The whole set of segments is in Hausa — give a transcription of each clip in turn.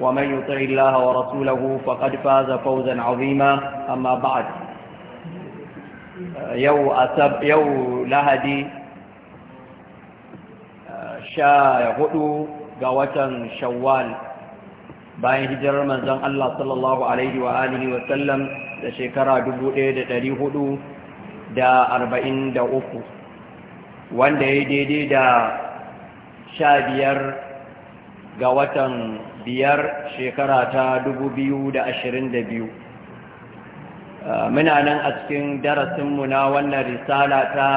ومن يطع الله ورسوله فقد فاز فوزا عظيما أما بعد يو, أسب يو لهدي sha hudu ga watan shawwal bayan hijirar manzon Allah sallallahu alaihi wa alihi wa sallam da shekara uku wanda ya daidai da sha biyar ga watan biyar shekara ta dubu biyu da ashirin da biyu uh, muna nan a cikin darasinmu na wannan risala ta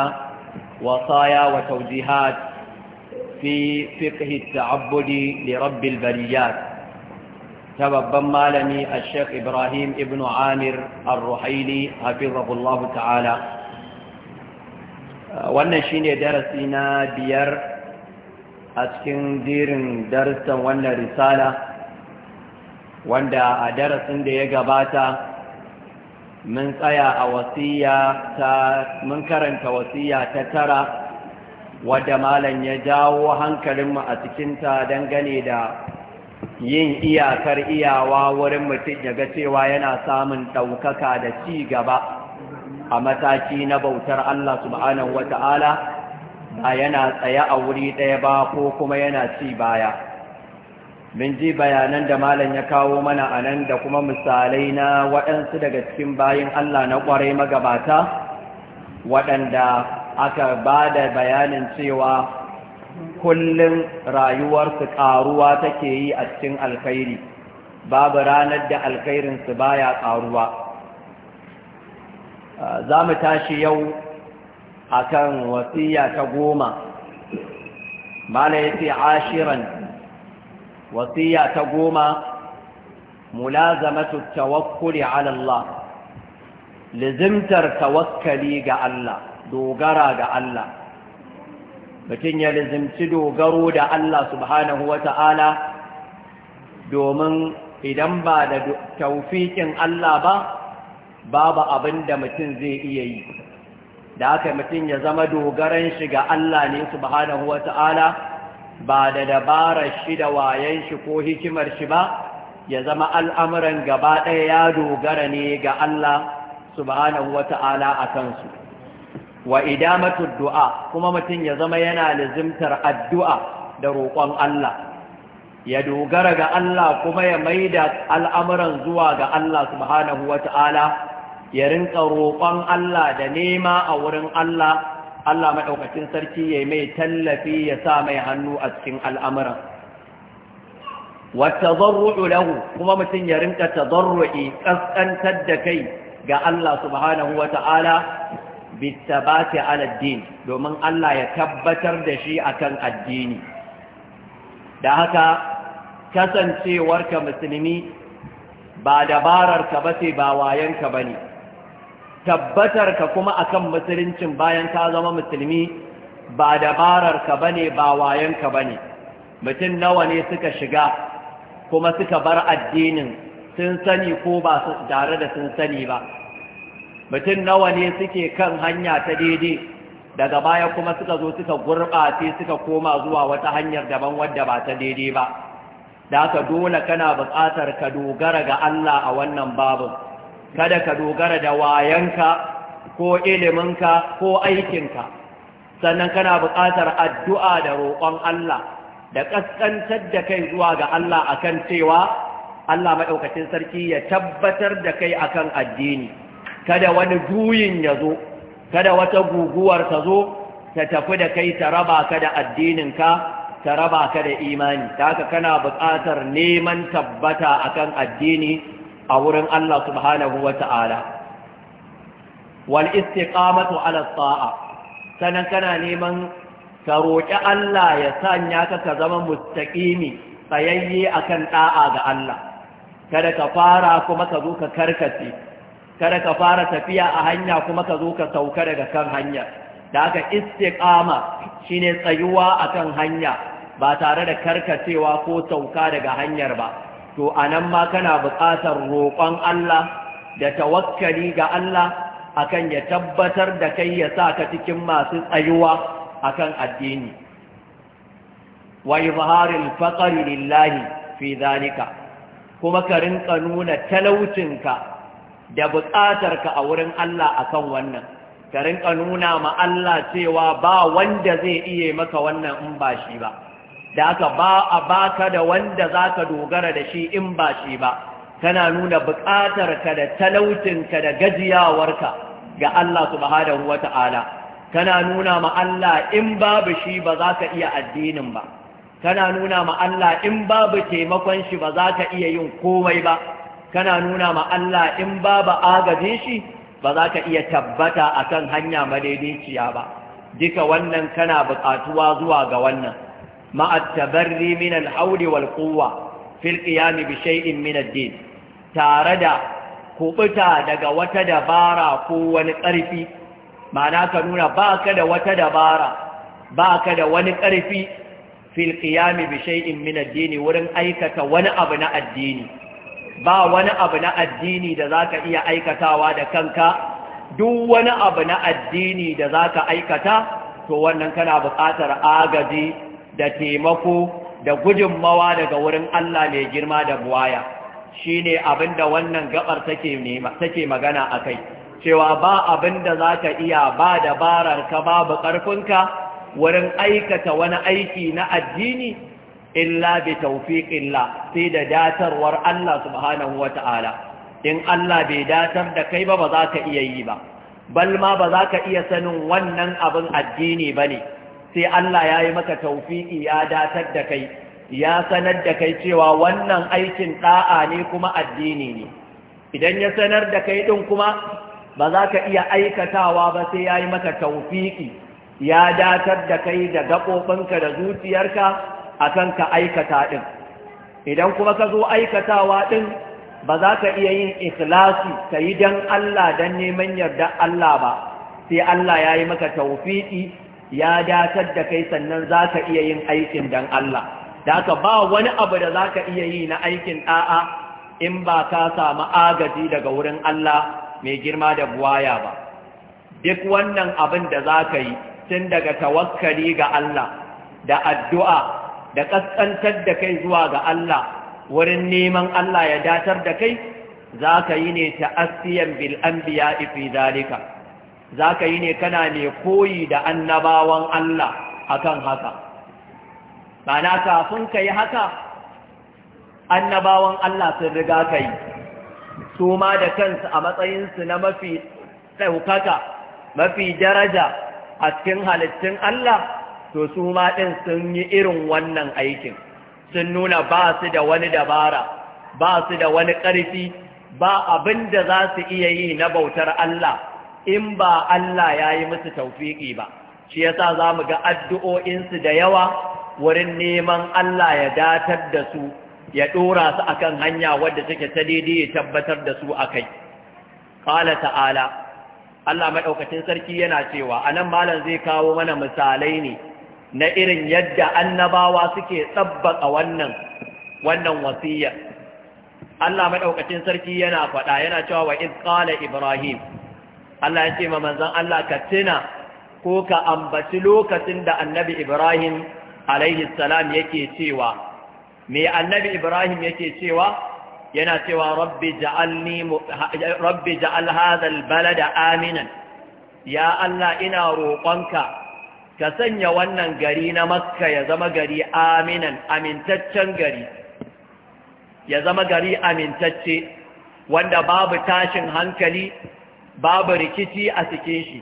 wasaya wa taujihat fi fiqhi ta'abbudi li rabbil bariyat ta babban malami a sheikh ibrahim ibn amir ar-ruhaili hafizahullahu ta'ala uh, wannan shine darasi na biyar a cikin jirin darussan wannan risala wanda a darasin da ya gabata mun tsaya a wasiya ta mun karanta wasiya ta tara wadda malam ya jawo hankalinmu a cikinta dangane da yin iyakar iyawa wurin mutum ya ga cewa yana samun ɗaukaka da ci gaba a mataki na bautar Allah subhanahu ta'ala ba yana tsaye a wuri ɗaya ba ko kuma yana ci baya min ji bayanan da malam ya kawo mana a nan da kuma misalai na waɗansu daga cikin bayin Allah na ƙwarai magabata waɗanda aka ba da bayanin cewa kullum rayuwarsu ƙaruwa take yi a cikin alkhairi babu ranar da alkhairinsu baya ƙaruwa za mu tashi yau akan wasiya ta goma mala yace ashiran wasiya ta goma mulazamatu tawakkuli ala Allah lizimtar tawakkali ga Allah dogara ga Allah mutum ya lizimci dogaro da Allah subhanahu wata'ala domin idan ba da taufikin Allah ba babu abin da mutum zai iya yi da aka mutum ya zama dogaran shi ga Allah ne subhanahu wata'ala ba da dabarar shi da wayan shi ko hikimar shi ba ya zama al'amuran gaba ɗaya ya dogara ne ga Allah subhanahu wata'ala a kansu wa idamatu du'a kuma mutum ya zama yana lizimtar addu'a da roƙon Allah ya dogara ga Allah kuma ya maida al'amuran zuwa ga Allah subhanahu wata'ala ya rinka roƙon Allah da nema a wurin Allah Allah maɗaukacin sarki ya mai tallafi ya sa mai hannu a cikin al'amuran. Wata zarru'u lahu kuma mutum ya rinka ta zarru'i ƙasƙantar da kai ga Allah subhanahu wa ta'ala bita ba ta aladdin domin Allah ya tabbatar da shi a kan addini. Da haka kasancewarka musulmi ba dabararka ba ce ba wayanka ba ne. tabbatar ka kuma akan musuluncin bayan ka zama musulmi ba dabarar ka bane ba wayan ka bane mutum nawa ne suka shiga kuma suka bar addinin sun sani ko ba su tare da sun sani ba mutum nawa ne suke kan hanya ta daidai daga baya kuma suka zo suka gurɓace suka koma zuwa wata hanyar daban wadda ba ta daidai ba da haka dole kana buƙatar ka dogara ga Allah a wannan babu kada ka dogara da wayanka ko iliminka ko aikinka sannan kana buƙatar addu'a da roƙon Allah da ƙasƙantar da kai zuwa ga Allah akan cewa Allah maɗaukacin sarki ya tabbatar da kai akan addini kada wani juyin ya zo kada wata guguwar ta zo ta tafi da kai ta raba ka da addininka ta raba ka da imani ta haka kana buƙatar neman tabbata akan addini a wurin Allah subhanahu wa ta'ala wal istiqamatu ala sa'a sanan kana neman ka roƙi Allah ya sanya ka ka zama mustaqimi tsayayye akan ɗa'a ga Allah kada ka fara kuma ka zo ka karkace kada ka fara tafiya a hanya kuma ka zo ka sauka daga kan hanya da aka istiqama shine tsayuwa akan hanya ba tare da karkacewa ko sauka daga hanyar ba to a nan ma kana buƙatar roƙon Allah da tawakkali ga Allah akan ya tabbatar da kai ya sa ka cikin masu tsayuwa akan addini wa izharil faqri lillahi fi zalika kuma ka rinka nuna talaucinka da buƙatarka a wurin Allah akan wannan ka rinka nuna ma Allah cewa ba wanda zai iya maka wannan in ba shi ba da aka ba a baka da wanda za ka dogara da shi in ba shi ba kana nuna ka da talautinka da gajiyawarka ga Allah subhanahu wa ta'ala kana nuna ma Allah in babu shi ba za ka iya addinin ba kana nuna ma Allah in babu taimakon shi ba za ka iya yin komai ba kana nuna ma Allah in babu agajin shi ba za ka iya tabbata akan hanya madaidaiciya ba duka wannan kana buƙatuwa zuwa ga wannan مع التبري من الحول والقوة في القيام بشيء من الدين تاردا كبتا دقا وتدبارا قوة قرفي معنى كنونا باكدا وتدبارا باكدا ونقرفي في القيام بشيء من الدين ورن أيكة ونأبناء الدين با ونأبناء الدين دا ذاك إيا أيكة وادا كنكا دو ونأبناء الدين دا ذاك أيكة تو ونن كان بقاتر آغدي da taimako da gudunmawa daga wurin Allah mai girma da buwaya shine abinda wannan gabar take magana take magana akai cewa ba abinda zaka iya ba dabarar ka babu ƙarfinka wurin aikata wani aiki na addini illa bi tawfiqillah sai da datarwar Allah subhanahu wataala in Allah bai datar da kai ba ba za ka iya yi ba bal ma ba za ka iya sanin wannan abin addini ba ne sai Allah ya yi maka taufiƙi ya datar da kai ya sanar da kai cewa wannan aikin ɗa'a ne kuma addini ne idan ya sanar da kai ɗin kuma ba za ka iya aikatawa ba sai ya yi maka taufiƙi ya datar da kai da gaɓoɓinka da zuciyarka akan ka aikata ɗin idan kuma ka zo aikatawa ɗin ba za ka iya yin ikhlasi ka yi don Allah don neman yarda Allah ba sai Allah ya yi maka taufiƙi ya datar da kai sannan za ka iya yin aikin dan Allah da ka ba wani abu da za ka iya yi na aikin ɗa'a in ba ka samu agaji daga wurin Allah mai girma da buwaya ba duk wannan abin da za ka yi tun daga tawakkali ga Allah da addu'a da ƙasƙantar da kai zuwa ga Allah wurin neman Allah ya datar da kai za ka yi ne ta asiyan bil'ambiya ifi zalika za ka yi ne kana ne koyi da annabawan Allah akan haka mana kafin ka yi haka annabawan Allah sun riga ka yi su ma da kansu a matsayinsu na mafi ɗaukaka mafi daraja a cikin halittun Allah to su ma ɗin sun yi irin wannan aikin sun nuna ba su da wani dabara ba su da wani ƙarfi ba abin da za su iya yi na bautar Allah in ba Allah ya yi musu taufiƙi ba shi yasa za mu ga addu'o'insu da yawa wurin neman Allah ya datar da su ya ɗora su akan hanya wadda take ta daidai ya tabbatar da su akai qala ta'ala Allah Maɗaukacin sarki yana cewa anan malam zai kawo mana misalai ne na irin yadda annabawa suke tsabbaka wannan wannan wasiyya Allah Maɗaukacin sarki yana faɗa yana cewa wa iz qala ibrahim Allah ya ce ma manzon Allah ka tuna ko ka ambaci lokacin da annabi Ibrahim alaihi salam yake cewa me annabi Ibrahim yake cewa yana cewa rabbi ja'alni rabbi bala da aminan ya Allah ina roƙonka ka sanya wannan gari na Makka ya zama gari aminan amintaccen gari ya zama gari amintacce wanda babu tashin hankali babu rikici a cikin shi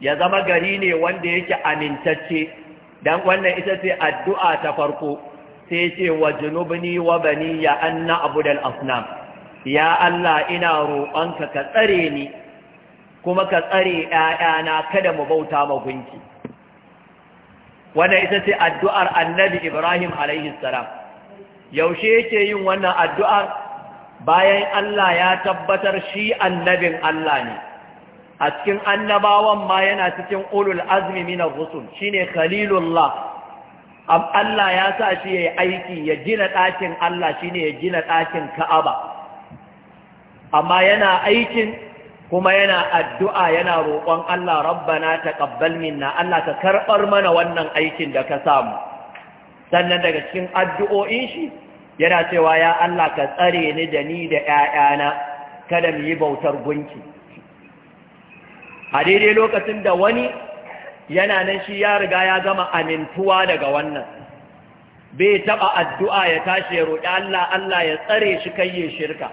ya zama gari ne wanda yake amintacce dan wannan ita ce addu'a ta farko sai ce wa junubni wa bani ya anna abudal asnam ya Allah ina roƙonka ka tsare ni kuma ka tsare ƴaƴana kada mu bauta ma gunki wannan ita ce addu'ar annabi Ibrahim alaihi salam yaushe yake yin wannan addu'ar bayan Allah ya tabbatar shi annabin Allah ne a cikin annabawan ma yana cikin ulul azmi min ar-rusul shine khalilullah Allah ya sa shi yayi aiki ya gina ɗakin Allah shine ya gina ɗakin Ka'aba amma yana aikin kuma yana addu'a yana roƙon Allah rabbana taqabbal minna Allah ka karɓar mana wannan aikin da ka samu sannan daga cikin addu'o'in shi yana cewa ya Allah ka tsare ni da ni da 'ya'yana kada mu yi bautar gunki a daidai lokacin da wani yana nan shi ya riga ya gama amintuwa daga wannan bai taɓa addu'a ya tashi ya roƙi Allah Allah ya tsare shi ya shirka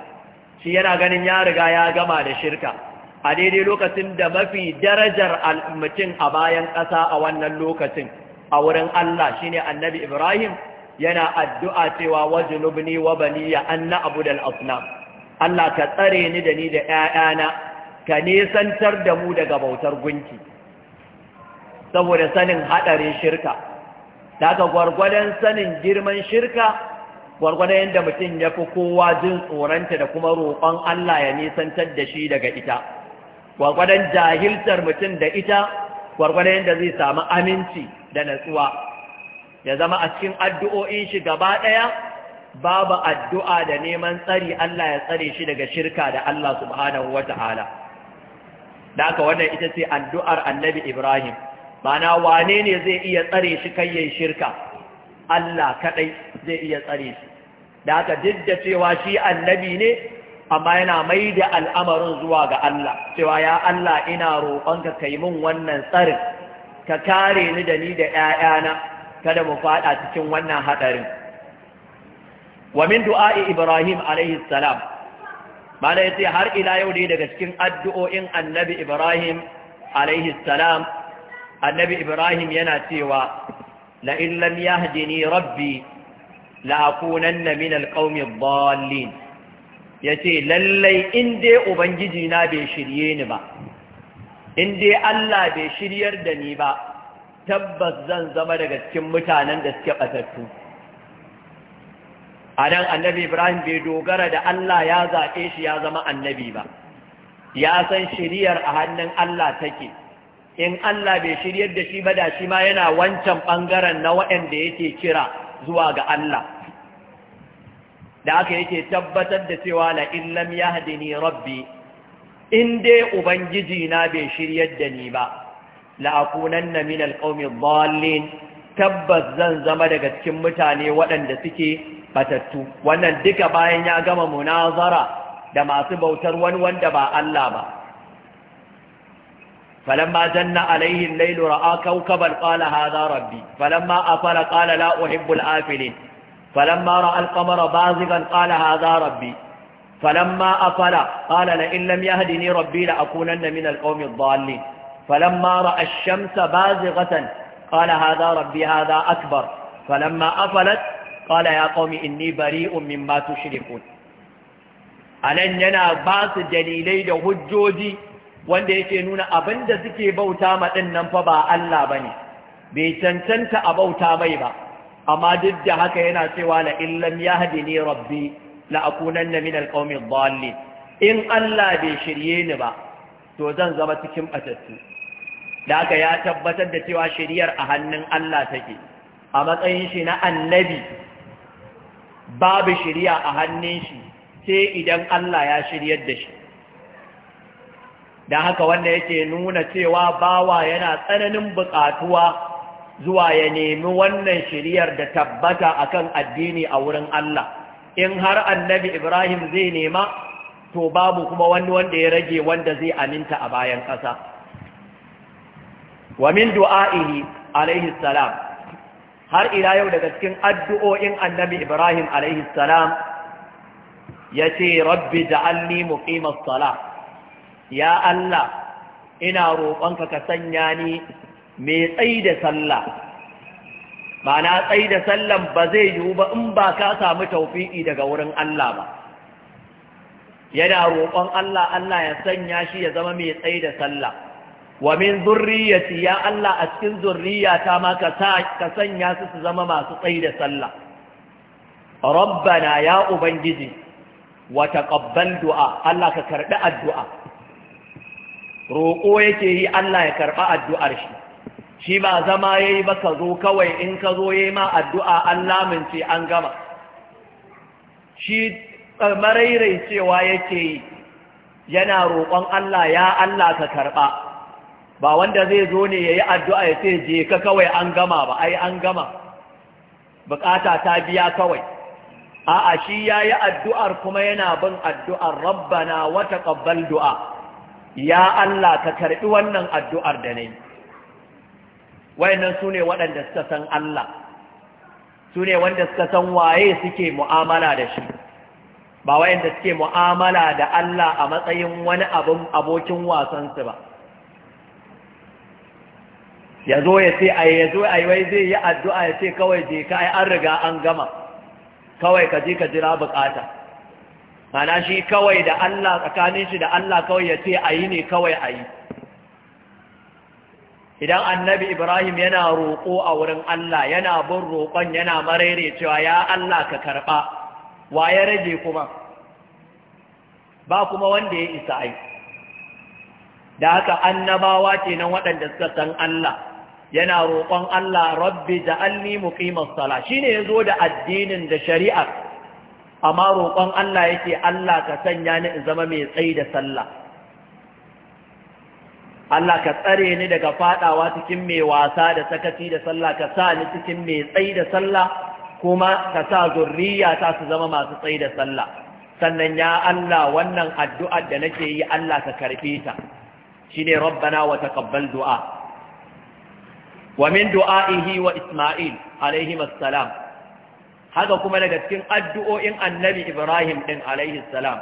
shi yana ganin ya riga ya gama da shirka a daidai lokacin da mafi darajar mutum a bayan ƙasa a wannan lokacin a wurin Allah shine annabi Ibrahim yana addu'a cewa wajinubni wa baniya an na abu da al'asna Allah ka tsare ni da ni da ‘ya'yana ka nesantar da mu daga bautar gunki saboda sanin hadarin shirka daga gwargwadon sanin girman shirka gwargwadon yadda mutum ya fi kowa jin tsoronta da kuma roƙon Allah ya nisantar da shi daga ita gwargwadon jahiltar mutum da ita gwargwadon yadda zai samu aminci da natsuwa ya zama a cikin addu'o'in shi gaba ɗaya babu addu'a da neman tsari Allah ya tsare shi daga shirka da Allah subhanahu wa ta'ala da haka wannan ita ce addu'ar annabi Ibrahim mana wane ne zai iya tsare shi kayyan shirka Allah kaɗai zai iya tsare shi da haka duk da cewa shi annabi ne amma yana mai da al'amarin zuwa ga Allah cewa ya Allah ina roƙonka kai min wannan tsarin ka kare ni da ni da 'ya'yana kada mu faɗa cikin wannan haɗarin wa min du'a'i Ibrahim alaihi salam mala yace har ila yau ne daga cikin addu'o'in annabi ibrahim alaihi annabi ibrahim yana cewa la in lam ni rabbi la akunanna min alqaumi ad Ya yace lallai in dai ubangiji na bai shirye ni ba in dai Allah bai shiryar da ni ba tabbas zan zama daga cikin mutanen da suke batattu a nan annabi ibrahim bai dogara da allah ya zaɓe shi ya zama annabi ba ya san shiriyar a hannun allah take in allah bai shiryar da shi ba da shi ma yana wancan ɓangaren na waɗanda yake kira zuwa ga allah da aka yake tabbatar da cewa la illam ni rabbi in dai ubangiji na bai shiryar da ni ba la'akunanna min alqawmi dhallin tabbas zan zama daga cikin mutane waɗanda suke batattu wannan duka bayan ya gama munazara da masu bautar wani wanda ba Allah ba فلما جن عليه الليل راى كوكبا قال هذا ربي فلما افل قال لا احب الافلين فلما راى القمر بازغا قال هذا ربي فلما افل قال لئن لم يهدني ربي لاكونن من القوم الضالين فلما راى الشمس بازغه قال هذا ربي هذا اكبر فلما افلت qala ya qaumi inni bari'un mimma A anan yana ba su dalilai da hujjoji wanda yake nuna abinda suke bauta ma din nan fa ba Allah ne, bai cancanta a bauta mai ba amma duk da haka yana cewa la illam yahdini rabbi la'akunan akunanna min alqawmi in Allah bai shirye ni ba to zan zama cikin batattu da ya tabbatar da cewa shiriyar a hannun Allah take a matsayin shi na annabi babu shirya a hannun shi sai idan Allah ya shiryar da shi da haka wanda yake nuna cewa bawa yana tsananin buƙatuwa zuwa ya nemi wannan shiriyar da tabbata akan addini a wurin Allah in har annabi Ibrahim zai nema to babu kuma wani wanda ya rage wanda zai aminta a bayan ƙasa wa min du'a'ihi alaihi salam har ila yau daga cikin addu'o'in annabi Ibrahim alaihi salam ya ce rabbi ja'alni muqimas sala ya Allah ina roƙonka ka sanya ni mai tsayi da sallah ba na tsayi da sallan ba zai yiwu ba in ba ka samu taufiƙi daga wurin Allah ba yana roƙon Allah Allah ya sanya shi ya zama mai tsaida da sallah wa min zurriyati ya Allah a cikin zurriyata ma ka ka sanya su su zama masu tsayi da sallah rabbana ya ubangiji wa taqabbal du'a Allah ka karbi addu'a roƙo yake yi Allah ya karba addu'ar shi shi ba zama yayi ba ka zo kawai in ka zo yayi ma addu'a Allah min ce an gama shi eh, marairai cewa yake yi yana roƙon Allah ya Allah ka karba ba wanda zai zo ne ya yi addu'a ya ce je ka kawai an gama ba ai an gama bukata ta biya kawai a'a shi ya yi addu'ar kuma yana bin addu'ar rabbana wata ƙabbal du'a ya Allah ka karɓi wannan addu'ar da ne wayannan su ne waɗanda suka san Allah su wanda suka san waye suke mu'amala da shi ba wayanda suke mu'amala da Allah a matsayin wani abin abokin wasansu ba ya zo ya ce ai ya zo ai wai zai yi addu'a ya ce kawai je ka ai an riga an gama kawai ka je ka jira bukata mana shi kawai da Allah tsakanin shi da Allah kawai ya ce ayi ne kawai ayi idan annabi Ibrahim yana roƙo a wurin Allah yana bin roƙon yana marere cewa ya Allah ka karba wa ya rage kuma ba kuma wanda ya isa ai da haka annabawa kenan waɗanda suka san Allah yana roƙon Allah rabbi da ja'alni muqimas sala shine yazo da addinin da shari'a amma roƙon Allah yake Allah ka sanya ni in zama mai tsayi da sallah Allah ka tsare ni daga faɗawa cikin mai wasa da sakaci da sallah ka sa ni cikin mai tsayi da sallah kuma ka sa zurriya ta su zama masu tsayi da sallah sannan ya Allah wannan addu'ar da nake yi Allah ka karfe ta shine rabbana wa taqabbal du'a wa min du'a'ihi wa Isma'il alaihi assalam haka kuma daga cikin addu'o'in annabi Ibrahim ɗin alaihi salam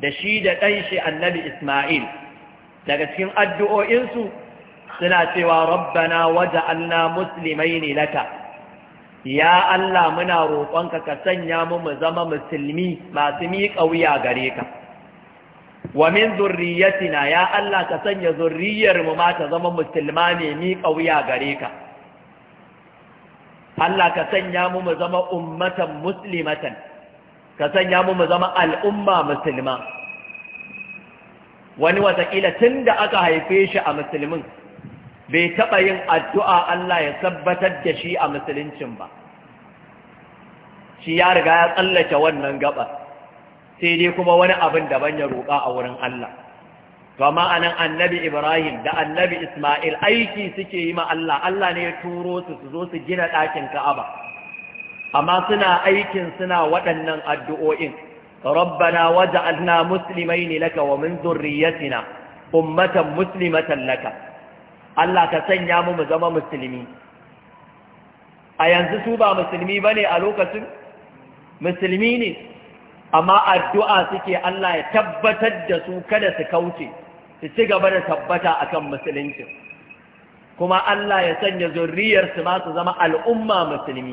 da shi da ɗan shi annabi Isma'il daga cikin addu'o'insu suna cewa rabbana waja'alna muslimaini laka ya Allah muna roƙonka ka sanya mu mu zama musulmi masu miƙa wuya gare ka wa min zurriyatina ya Allah ka sanya zurriyar mu ma ta zama musulma ne mi kauya gare ka Allah ka sanya mu mu zama ummatan muslimatan ka sanya mu mu zama al'umma musulma wani watakila tun da aka haife shi a musulmin bai taɓa yin addu'a Allah ya tabbatar da shi a musuluncin ba shi ya riga ya tsallake wannan gabar sai dai kuma wani abin daban ya roƙa a wurin Allah to amma annabi Ibrahim da annabi Isma'il aiki suke yi ma Allah Allah ne ya turo su su zo su gina ɗakin Ka'aba amma suna aikin suna waɗannan addu'o'in rabbana waj'alna muslimaini laka wa min dhurriyyatina ummatan muslimatan laka Allah ka sanya mu mu zama musulmi a yanzu su ba musulmi ne a lokacin musulmi ne amma addu'a suke Allah ya tabbatar da su kada su kauce su ci gaba da tabbata a kan musulunci kuma Allah ya sanya zurriyarsu ma su zama al'umma musulmi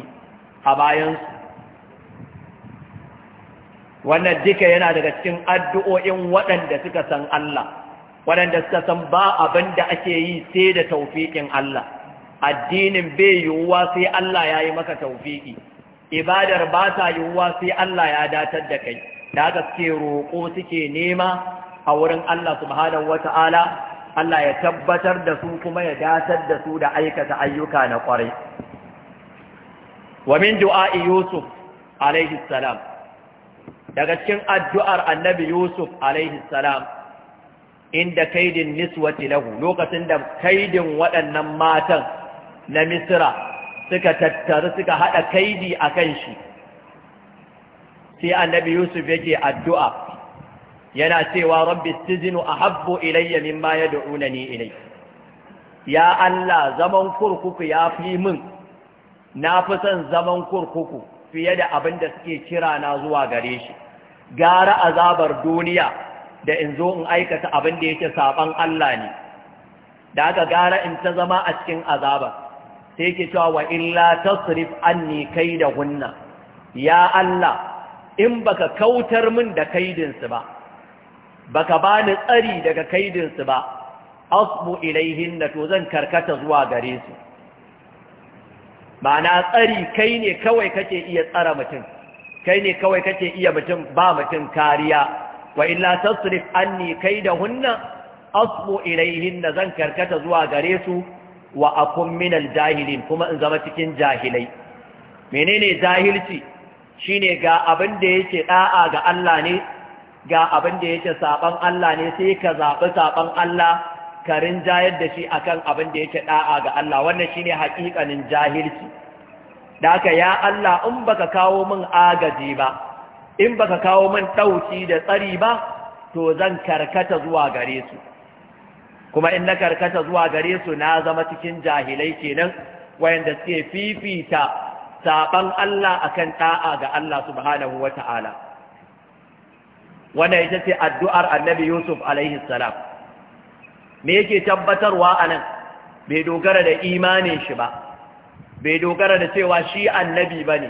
a bayansu wannan duka yana daga cikin addu'o'in waɗanda suka san Allah waɗanda suka san ba abin da ake yi sai da taufiƙin Allah addinin bai yiwuwa sai Allah ya yi maka taufiƙi ibadar ba ta yiwuwa sai Allah ya datar da kai da haka suke roƙo suke nema a wurin Allah subhanahu Ta'ala, Allah ya tabbatar da su kuma ya datar da su da aikata ayyuka na ƙwarai wa min du'a'i Yusuf alaihi salam daga cikin addu'ar annabi Yusuf alaihi salam inda kaidin niswati lahu lokacin da kaidin waɗannan matan na Misra suka tattaru suka haɗa kaidi a kan shi sai annabi yusuf yake addu'a yana cewa rabbi stizinu a habbo ilayya ma ya da ilai ya Allah zaman kurkuku ya fi min na fi son zaman kurkuku fiye da abin da suke kira na zuwa gare shi gara azabar duniya da in zo in aikata abin da yake saban Allah ne da aka gara in ta zama a cikin azabar sai yake cewa wa illa tasrif anni kaidahunna ya Allah in baka kautar min da kaidinsu ba baka bani tsari daga kaidinsu ba asbu da to zan karkata zuwa gare su ma'ana tsari kai ne kawai kake iya tsara mutum kai ne kawai kake iya mutum ba mutum kariya wa illa tasrif anni kaidahunna asbu da zan karkata zuwa gare su wa akun minal jahilin kuma in zama cikin jahilai menene jahilci shine ga abin da yake da'a ga Allah ne ga abin da yake saban Allah ne sai ka zabi saban Allah ka rinjayar da shi akan abin da yake da'a ga Allah wannan shine haƙiƙanin jahilci daka ya Allah in baka kawo min agaji ba in baka kawo min dauki da tsari ba to zan karkata zuwa gare su kuma in na karkata zuwa gare su na zama cikin jahilai kenan wayanda suke fifita saban Allah akan ta'a ga Allah subhanahu wata'ala wannan ita ce addu'ar Annabi Yusuf alaihi salam me yake tabbatarwa anan bai dogara da imanin shi ba bai dogara da cewa shi annabi bane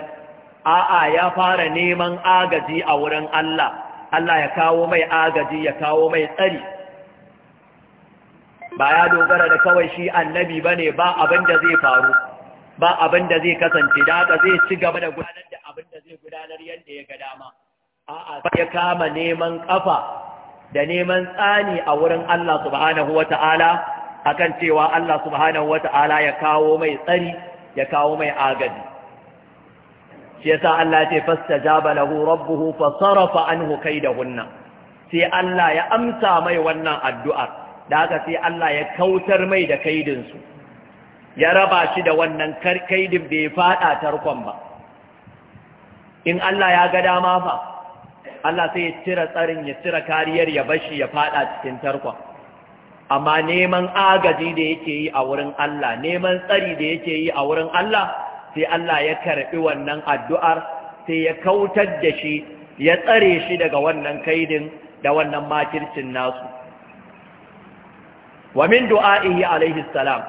a'a ya fara neman agaji a wurin Allah Allah ya kawo mai agaji ya kawo mai tsari ba ya dogara da kawai shi annabi ba ne ba abin da zai faru ba abin da zai kasance da haka zai ci gaba da gudanar da abin da zai gudanar yadda ya ga dama a'a ya kama neman kafa da neman tsani a wurin Allah subhanahu wata'ala akan cewa Allah subhanahu wata'ala ya kawo mai tsari ya kawo mai agaji shi yasa Allah ya ce fastajaba lahu rabbuhu fa sarafa anhu kaidahunna sai Allah ya amsa mai wannan addu'ar da aka sai Allah ya kautar mai da kaidinsu ya raba shi da wannan kaidin bai fada tarkon ba in Allah ya ga dama fa Allah sai ya cire tsarin ya cire kariyar ya bashi ya fada cikin tarkon amma neman agaji da yake yi a wurin Allah neman tsari da yake yi a wurin Allah sai Allah ya karbi wannan addu'ar sai ya kautar da shi ya tsare shi daga wannan kaidin da wannan makircin nasu wa min du'a'ihi alaihi salam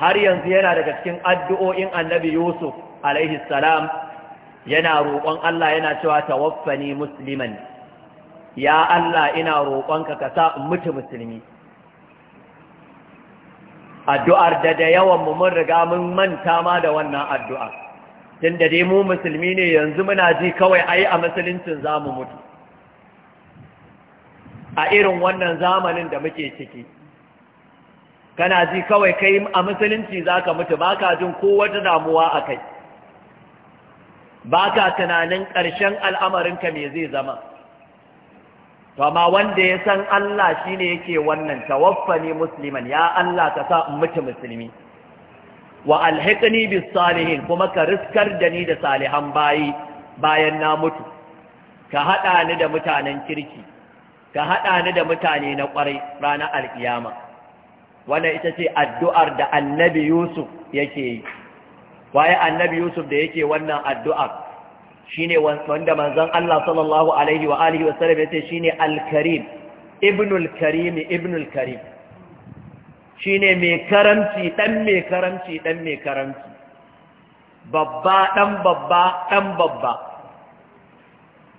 har yanzu yana daga cikin addu'o'in annabi yusuf alaihi salam yana roƙon Allah yana cewa tawaffani musliman ya Allah ina roƙonka ka sa mutu musulmi addu'ar da da yawan mu mun riga mun manta ma da wannan addu'a tun da dai mu musulmi ne yanzu muna ji kawai ai a musuluncin zamu mutu a irin wannan zamanin da muke ciki kana ji kawai kai a musulunci za ka mutu ba ka jin kowace damuwa a kai ba ka tunanin ƙarshen al'amarinka mai zai zama to wanda ya san Allah shi ne yake wannan tawaffani musulman ya Allah ka sa in mutu musulmi wa alhikini bis salihin kuma ka riskar da ni da salihan bayi bayan na mutu ka haɗa ni da mutanen kirki ka haɗa ni da mutane na ƙwarai ranar alƙiyama wannan ita ce addu'ar da annabi Yusuf yake yi waye annabi Yusuf da yake wannan addu'ar shine wanda manzon Allah sallallahu alaihi wa alihi wa sallam yace shi ne Alkarim, ibnul karim ibnul karim shine mai karamci ɗan mai karamci ɗan mai karamci babba ɗan babba ɗan babba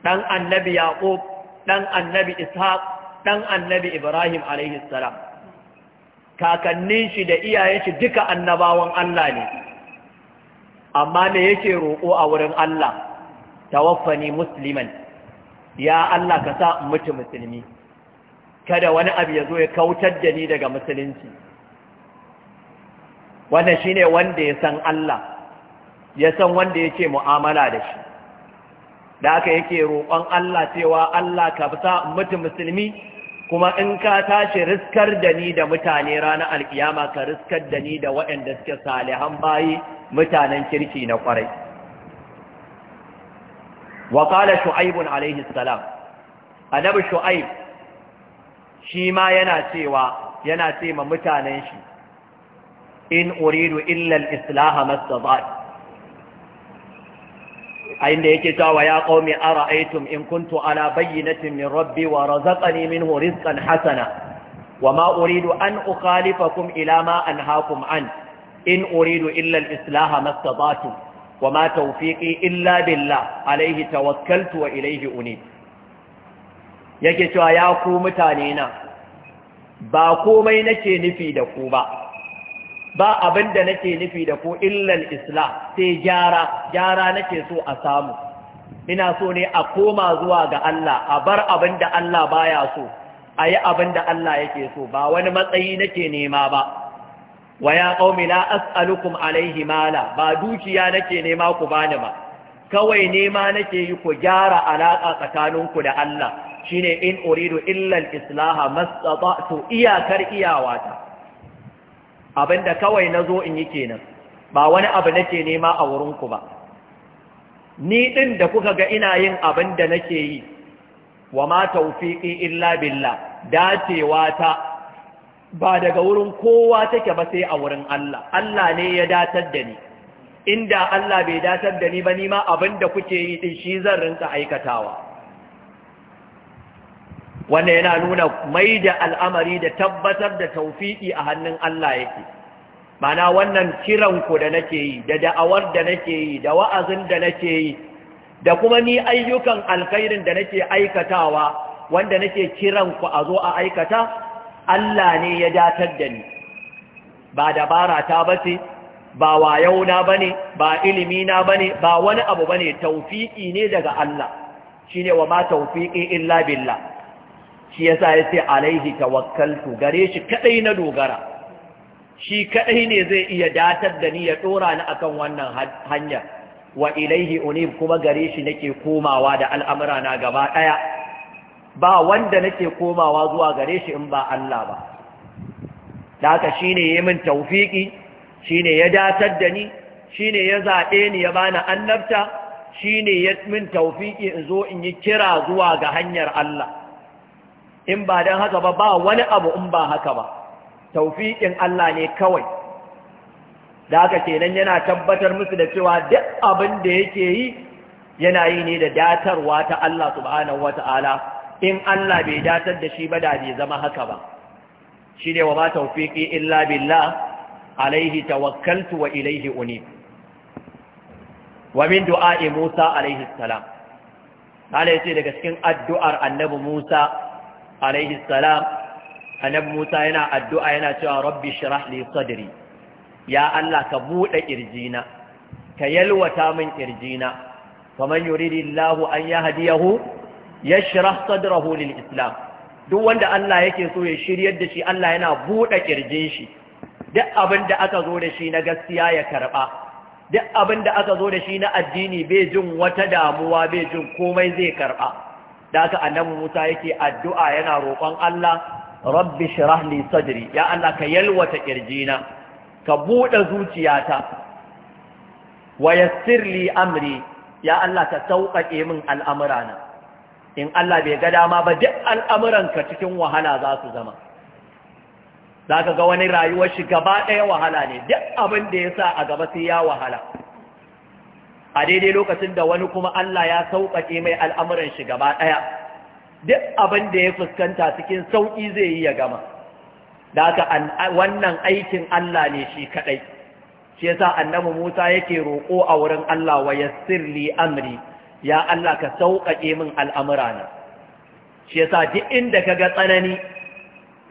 ɗan annabi yaqub ɗan annabi ishaq ɗan annabi ibrahim alaihi salaam. kakannin shi da iyayen shi duka annabawan Allah ne amma me yake roƙo a wurin Allah tawaffani musliman ya Allah ka sa mutu musulmi kada wani abu ya zo ya kautar da ni daga musulunci wannan shine wanda ya san Allah ya san wanda yake mu'amala da shi da aka yake roƙon Allah cewa Allah ka sa mutu musulmi kuma in ka tashi riskar da ni da mutane ranar alkiyama ka riskar da ni da waɗanda suke salihan bayi mutanen kirki na ƙwarai wa ƙala shu'aibun alaihi salam annabi shu'aib shi ma yana cewa yana ce ma mutanen shi in uridu illar islaha mastata'tu a inda yake cewa ya qaumi ara'aytum in kuntu ala bayyinatin min rabbi wa razaqani minhu rizqan hasana wa uridu an ukhalifakum ila ma anhaakum an in uridu illa al-islaha mastata'tu wama ma tawfiqi illa billah alayhi tawakkaltu wa ilayhi unib yake cewa ya ku mutane na ba komai nake nufi da ku ba ba abin da nake nufi da ko illal islam sai gyara gyara nake so a samu ina so ne a koma zuwa ga Allah a bar abin da Allah baya so a yi abin da Allah yake so ba wani matsayi nake nema ba wa ya qaumi la as'alukum alaihi mala ba dukiya nake nema ku bani ba kawai nema nake yi ku gyara alaka ku da Allah shine in uridu illa al-islaha mastata'tu iyakar iyawata Abin da kawai na zo in yi kenan ba wani abu nake nema a wurinku ba ni ɗin da kuka ga ina yin abin da nake yi wa ma taufiƙi illa billah dacewa ta ba daga wurin kowa take ba sai a wurin Allah Allah ne ya datar da ni inda Allah bai datar da ni ba ni ma abin da kuke yi din shi zan rinka aikatawa wanda yana nuna mai da al'amari da tabbatar da taufiƙi a hannun Allah yake mana wannan kiran ku da nake yi da da'awar da nake yi da wa'azin da nake yi da kuma ni ayyukan alkhairin da nake aikatawa wanda nake ku a zo a aikata Allah ne ya datar da ni ba dabara ta bace ba wayauna bane ba ilimi na bane ba wani abu bane taufiƙi ne daga Allah shine wa ma taufiƙi illa billah shi yasa ce alaihi tawakkaltu gare shi kaɗai na dogara shi kaɗai ne zai iya datar da ni ya dora ni akan wannan hanya wa ilaihi unib kuma gare shi nake komawa da al'amura na gaba ɗaya. ba wanda nake komawa zuwa gare shi in ba Allah ba da haka shine yayi min tawfiki shine ya datar da ni shine ya zaɓe ni ya bani annabta shine ya min tawfiki in zo in yi kira zuwa ga hanyar Allah in ba don haka ba ba wani abu in ba haka ba taufiƙin Allah ne kawai da haka kenan yana tabbatar musu da cewa duk abin da yake yi yana yi ne da datarwa ta Allah subhanahu Ta'ala. in Allah bai datar da shi ba da bai zama haka ba shi ne wa ma taufiƙi illa billah alaihi tawakkaltu wa ilaihi unib wa min du'a'i Musa alaihi salam Allah ya ce daga cikin addu'ar Annabi Musa alaihi salam annabi Musa yana addu'a yana cewa rabbi shrah li sadri ya Allah ka bude kirjina ka yalwata min kirjina faman yuridillahu an yahdiyahu yashrah sadrahu lil islam duk wanda Allah yake so ya shiryar da shi Allah yana bude kirjin shi duk abin da aka zo da shi na gaskiya ya karba duk abin da aka zo da shi na addini bai jin wata damuwa bai jin komai zai karba da aka annabi Musa yake addu'a yana roƙon Allah rabbi shrah li sadri ya Allah ka yalwata kirjina ka buɗe zuciyata wa yassir li amri ya Allah ka sauƙaƙe min al'amurana in Allah bai ga dama ba duk al'amuranka cikin wahala za su zama za ga wani rayuwar shi gaba ɗaya wahala ne duk abin da ya sa a gaba sai ya wahala a daidai lokacin da wani kuma Allah ya sauƙaƙe mai al'amuran shi gaba ɗaya duk abin da ya fuskanta cikin sauƙi zai yi ya gama da aka wannan aikin Allah ne shi kaɗai shi yasa annabi Musa yake roƙo a wurin Allah wa ya sirri amri ya Allah ka sauƙaƙe min al'amura na shi yasa duk inda ka ga tsanani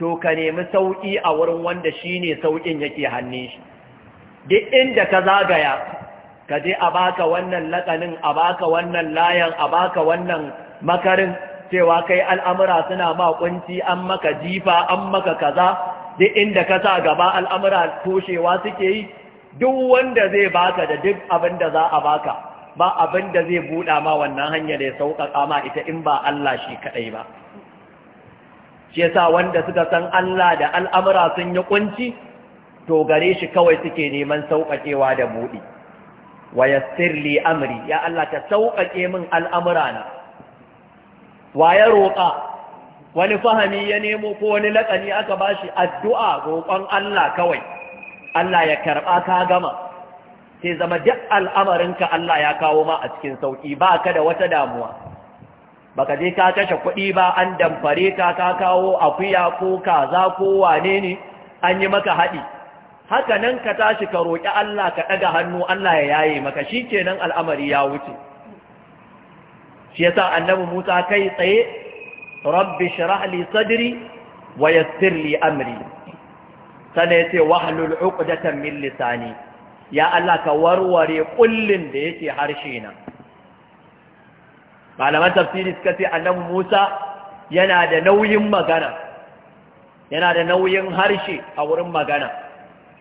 to ka nemi sauƙi a wurin wanda shi ne sauƙin yake hannun shi duk inda ka zagaya ka je a baka wannan lakanin a baka wannan layan a baka wannan makarin cewa kai al'amura suna ma kunci an maka jifa an maka kaza duk inda ka sa gaba al'amura toshewa suke yi duk wanda zai baka da duk abin da za a baka ba abin da zai buɗa ma wannan hanya da ya sauƙaƙa ma ita in ba Allah shi kaɗai ba shi yasa wanda suka san Allah da al'amura sun yi kunci to gare shi kawai suke neman sauƙaƙewa da buɗi wa yassir li amri ya Allah ka sauƙaƙe min al'amurana wa ya roƙa wani fahami ya nemo ko wani laƙani aka bashi addu'a roƙon Allah kawai Allah ya karɓa ka gama sai zama duk al'amarinka Allah ya kawo ma a cikin sauƙi ba ka da wata damuwa Baka je ka kashe kuɗi ba an damfare ka ka kawo akuya ko kaza ko wane ne an yi maka haɗi haka nan ka tashi ka roƙi Allah ka ɗaga hannu Allah ya yaye maka shi kenan al'amari ya wuce shi yasa annabi Musa kai tsaye rabbi shrah sadiri, wa yassir li amri sana yace wahlul uqdatan min lisani ya Allah ka warware kullin da yake harshe na malaman tafsiri suka ce annabi Musa yana da nauyin magana yana da nauyin harshe a wurin magana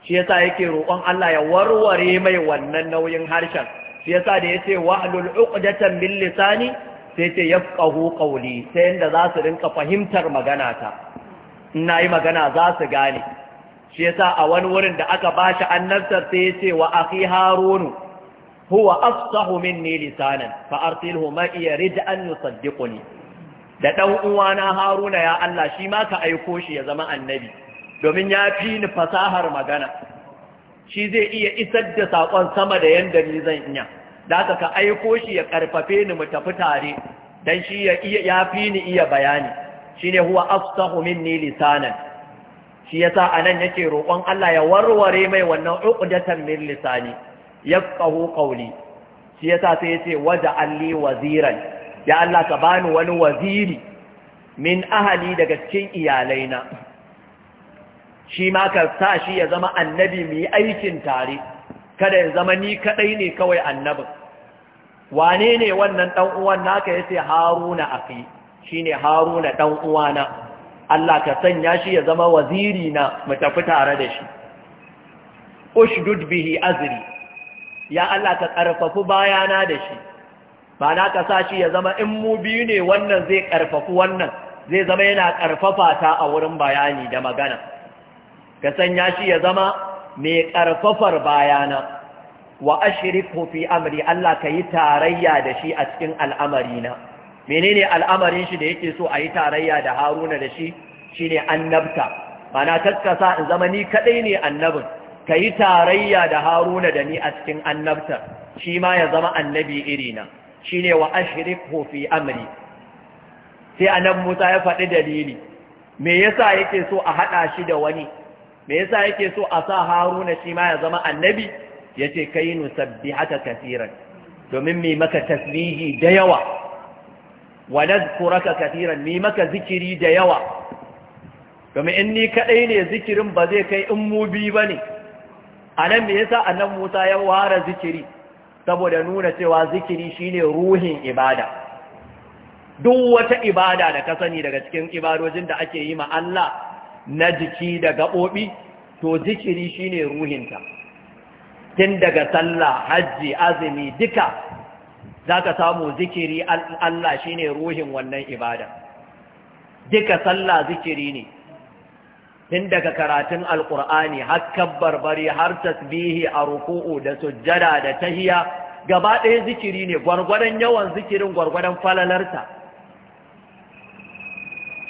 shi yasa yake roƙon Allah ya warware mai wannan nauyin harshen shi yasa da yace wahlul uqdatan min lisani sai ce yafqahu qawli sai yanda za su rinka fahimtar magana ta ina yi magana za su gane shi yasa a wani wurin da aka bashi annabtar sai yace wa akhi harunu huwa afsahu minni lisanan fa arsilhu ma yarid an yusaddiquni da dan uwana haruna ya Allah shi ma ka aiko shi ya zama annabi domin ya fi ni fasahar magana shi zai iya isar da saƙon sama da yadda ni zan iya da aka ka aiko shi ya ƙarfafe ni mu tafi tare Dan shi ya fi ni iya bayani shi ne huwa afsahu minni lisanan shi yasa anan yake roƙon Allah ya warware mai wannan uqdatan min lisani yafqahu qawli shi yasa sai yace waja alli waziran ya Allah ka bani wani waziri min ahali daga cikin iyalaina shi ma ka sa shi ya zama annabi mu aikin tare kada ya zama ni kadai ne kawai annabin wane ne wannan dan uwan naka yace haruna aki shine haruna dan uwana Allah ka sanya shi ya zama waziri na mu tafi tare da shi ushdud bihi azri ya Allah ka karfafu bayana da shi ba na ka sa shi ya zama in mu biyu ne wannan zai karfafu wannan zai zama yana karfafa ta a wurin bayani da magana ka sanya shi ya zama mai ƙarfafar bayana wa ashriku fi amri Allah ka yi tarayya da shi a cikin al'amarina menene al'amarin shi da yake so a yi tarayya da Haruna da shi ne annabta mana kaskasa in zama ni kaɗai ne annabin ka yi tarayya da Haruna da ni a cikin annabta shi ma ya zama annabi irina ne wa ashriku fi amri sai annabi Musa ya faɗi dalili me yasa yake so a haɗa shi da wani me yasa yake so a sa haruna shi ma ya zama annabi yace kai haka kaseeran domin mi maka tasbihi da yawa wa nadhkuraka kaseeran mi maka zikiri da yawa domin in ni kadai ne zikirin ba zai kai in mu bi bane anan me yasa annabi Musa ya ware zikiri saboda nuna cewa zikiri shine ruhin ibada duk wata ibada da ka sani daga cikin ibadojin da ake yi ma Allah na jiki da gaɓoɓi to zikiri shine ruhinta tun daga sallah hajji azumi duka za ka samu zikiri Allah shine ruhin wannan ibada duka sallah zikiri ne tun daga karatun alƙur'ani har kabbarbari har tasbihi a ruku'u da sujjada da tahiya gaba ɗaya zikiri ne gwargwadon yawan zikirin gwargwadon falalarta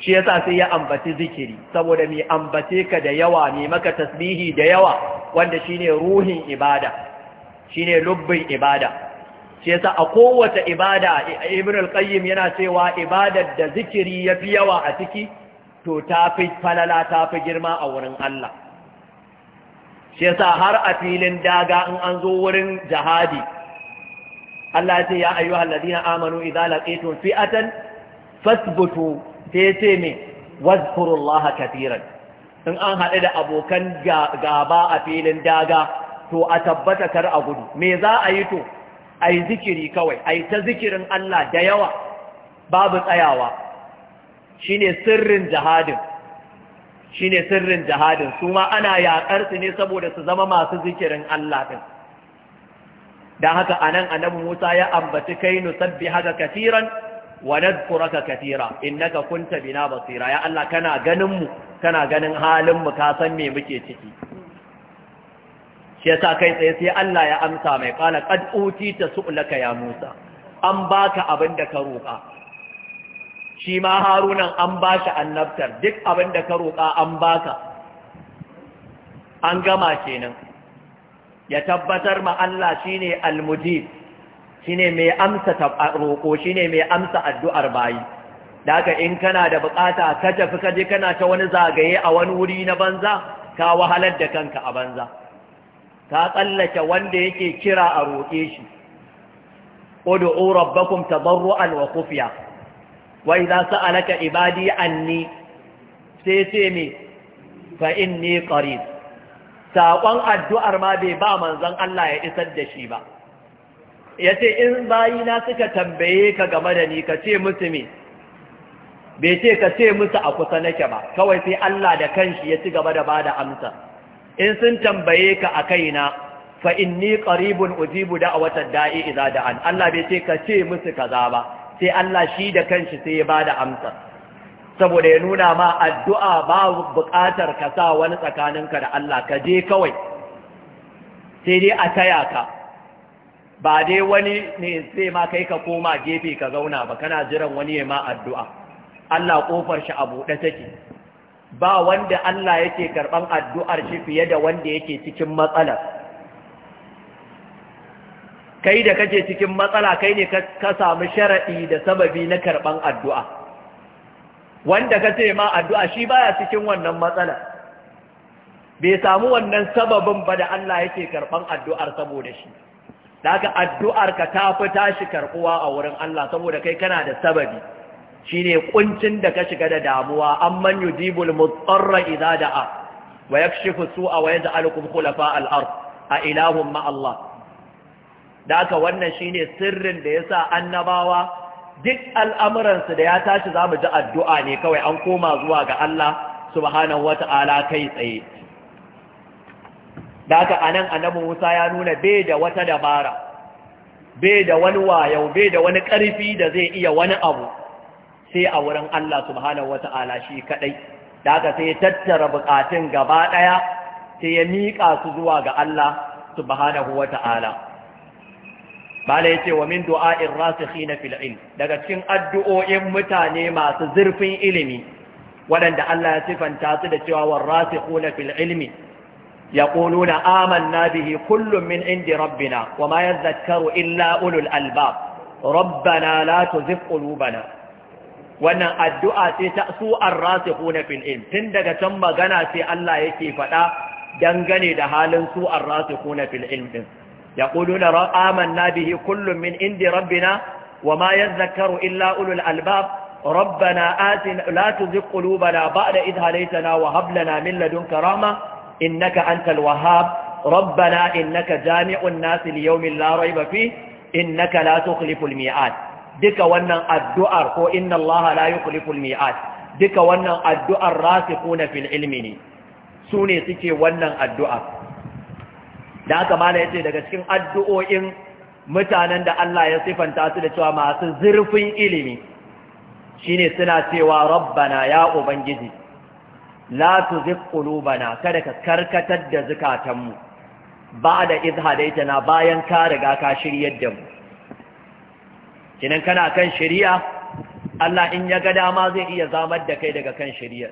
shi yasa sai ya ambaci zikiri saboda mai ambace ka da yawa mai maka tasbihi da yawa wanda shine ruhin ibada shine lubbin ibada shi yasa a kowace ibada ibn al-qayyim yana cewa ibadar da zikiri ya fi yawa a ciki to tafi falala tafi girma a wurin Allah shi yasa har a filin daga in an zo wurin jihadi Allah ya ce ya ayyuhal ladina amanu idza laqitum fi'atan fasbutu sai ya ce me wazkurullah kafiran in an haɗu da abokan gaba a filin daga to a tabbata kar a gudu me za a yi to a yi zikiri kawai a yi ta zikirin Allah da yawa babu tsayawa shi ne sirrin jihadin shi ne sirrin jihadin su ma ana yaƙar su ne saboda su zama masu zikirin Allah ɗin don haka a nan annabi musa ya ambaci kai nu sabbi haka kasiran wa nadhkuraka katira innaka kunta bina basira ya Allah kana ganin mu kana ganin halin mu ka san me muke ciki shi yasa kai tsaye sai Allah ya amsa mai qala qad utita su'laka ya Musa an baka abin da ka roƙa shi ma Harunan an bashi annabtar duk abin da ka roƙa an baka an gama kenan ya tabbatar ma Allah shine al shine mai amsa roƙo shine mai amsa addu'ar bayi daga in kana da bukata ka tafi ka je kana ta wani zagaye a wani wuri na banza ka wahalar da kanka a banza ka tsallake wanda yake kira a roƙe shi ud'u rabbakum tadarruan wa Wai wa idza sa'alaka ibadi anni sai ce mai fa inni qarib saƙon addu'ar ma bai ba manzon Allah ya isar da shi ba ya ce in na suka tambaye ka game da ni ka ce musu me bai ce ka ce musu a kusa nake ba kawai sai Allah da kanshi ya ci gaba da ba da amsa in sun tambaye ka a kaina fa inni qaribun ujibu da'watad da'i idza da'an Allah bai ce ka ce musu kaza ba sai Allah shi da kanshi sai ya ba da amsa saboda ya nuna ma addu'a ba buƙatar ka sa wani tsakaninka da Allah ka je kawai sai dai a taya ka ba dai wani ne sai ma kai ka koma gefe ka zauna ba kana jiran wani ya ma addu'a Allah kofar shi a buɗe take ba wanda Allah yake karɓan addu'ar shi fiye da wanda yake cikin matsala kai da kake cikin matsala kai ne ka samu sharaɗi da sababi na karɓan addu'a wanda ka ce ma addu'a shi baya cikin wannan matsala bai samu wannan sababin ba da Allah yake karɓan addu'ar saboda shi daga addu'arka ta fi tashi karɓuwa a wurin Allah saboda kai kana da sababi shine ƙuncin da ka shiga da damuwa amman yujibul mutsarra da da'a wa yakshifu su'a wa yaj'alukum khulafa al-ard a ilahun ma Allah daga wannan shine sirrin da yasa annabawa duk al'amuransu da ya tashi zamu ji addu'a ne kawai an koma zuwa ga Allah subhanahu wata'ala kai tsaye da haka anan annabi Musa ya nuna bai da wata dabara bai da wani wayo, bai da wani ƙarfi da zai iya wani abu sai a wurin Allah subhanahu wata'ala shi kaɗai. da haka sai tattara bukatun gaba daya sai ya miƙa su zuwa ga Allah subhanahu wata'ala bala yace wa min du'a'in rasikhina fil ilm daga cikin addu'o'in mutane masu zurfin ilimi waɗanda Allah ya sifanta su da cewa na fil ilmi يقولون آمنا به كل من عند ربنا وما يذكر إلا أولو الألباب ربنا لا تزغ قلوبنا wannan addu'a ce ta su an rasu kuna fil'in tun daga can magana ce Allah yake faɗa dangane da halin su an rasu kuna fil'in ɗin ya ƙulu na ra'aman na bihi kullum min indi rabbina wa ma ya zakaru illa ulul albab rabbana ba da wa karama innaka antal wahhab rabbana innaka jami'un nas yaumin la rayba fi innaka la tukhliful mi'ad duka wannan addu'ar ko inna allaha la yukhliful mi'ad duka wannan addu'ar rasikhuna fil ilimi ne sune suke wannan addu'a da haka mala yace daga cikin addu'o'in mutanen da Allah ya sifanta su da cewa masu zurfin ilimi shine suna cewa rabbana ya ubangiji la tuzigh qulubana kada ka karkatar da zukatanmu ba'da idh na bayan ka riga ka shiryar da mu kinan kana kan shari'a Allah in ya ga dama zai iya zamar da kai daga kan shari'a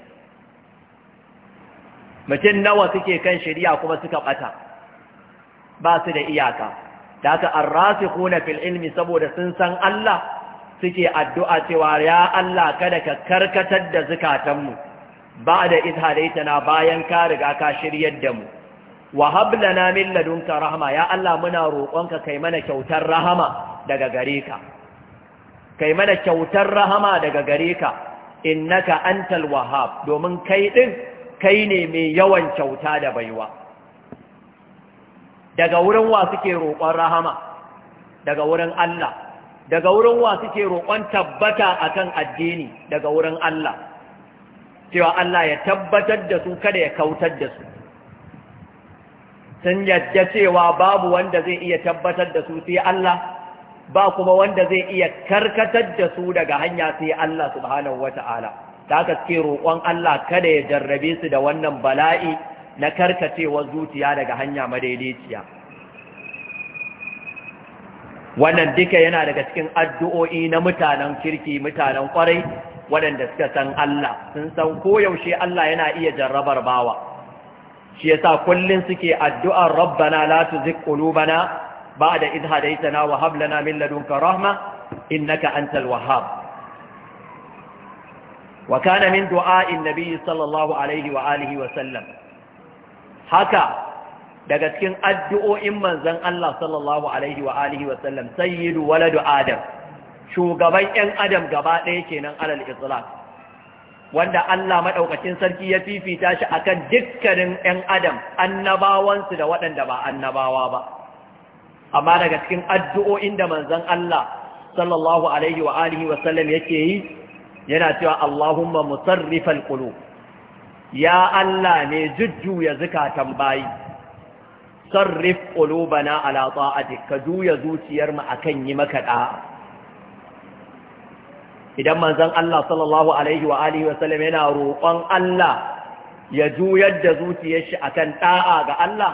mutum nawa suke kan shari'a kuma suka bata ba su da iyaka da haka arrasikuna fil ilmi saboda sun san Allah suke addu'a cewa ya Allah kada ka karkatar da mu ba da na bayan ka riga ka shiryar da mu wa hablana min ladunka rahma ya Allah muna roƙonka kai mana kyautar rahama daga gare ka kai mana kyautar rahama daga gare ka innaka antal wahhab domin kai din kai ne mai yawan kyauta da baiwa daga wurin wa suke roƙon rahama daga wurin Allah daga wurin wa suke roƙon tabbata akan addini daga wurin Allah cewa Allah ya tabbatar da su kada ya kautar da su sun yadda cewa babu wanda zai iya tabbatar da su sai Allah ba kuma wanda zai iya karkatar da su daga hanya sai Allah subhanahu wata'ala ta haka suke roƙon Allah kada ya jarrabe su da wannan bala'i na karkacewar zuciya daga hanya madaidaiciya wannan duka yana daga cikin addu'o'i na mutanen kirki mutanen ƙwarai waɗanda suka san Allah sun san koyaushe Allah yana iya jarrabar bawa shi yasa kullun suke addu'ar rabbana la tuzigh qulubana ba'da idh hadaytana wa hab lana min ladunka rahma innaka antal wahhab wa kana min du'a'in nabiy sallallahu alaihi wa alihi wa sallam haka daga cikin addu'o'in manzon Allah sallallahu alaihi wa alihi wa sallam sayyidu waladu adam shugaban 'yan adam gaba ɗaya kenan alal islam, wanda Allah maɗaukacin sarki ya fifita shi akan dukkanin 'yan adam annabawansu da waɗanda ba annabawa ba amma daga cikin addu'o'in da manzon Allah sallallahu alaihi wa alihi wa sallam yake yi yana cewa Allahumma musarrifal qulub ya Allah ne jujjuya zukatan bayi sarrif bana ala ta'atik ka juya zuciyarmu akan yi maka da'a idan manzon Allah sallallahu alaihi wa alihi wasallam yana roƙon Allah ya juyar da zuciyar shi kan ɗa'a ga Allah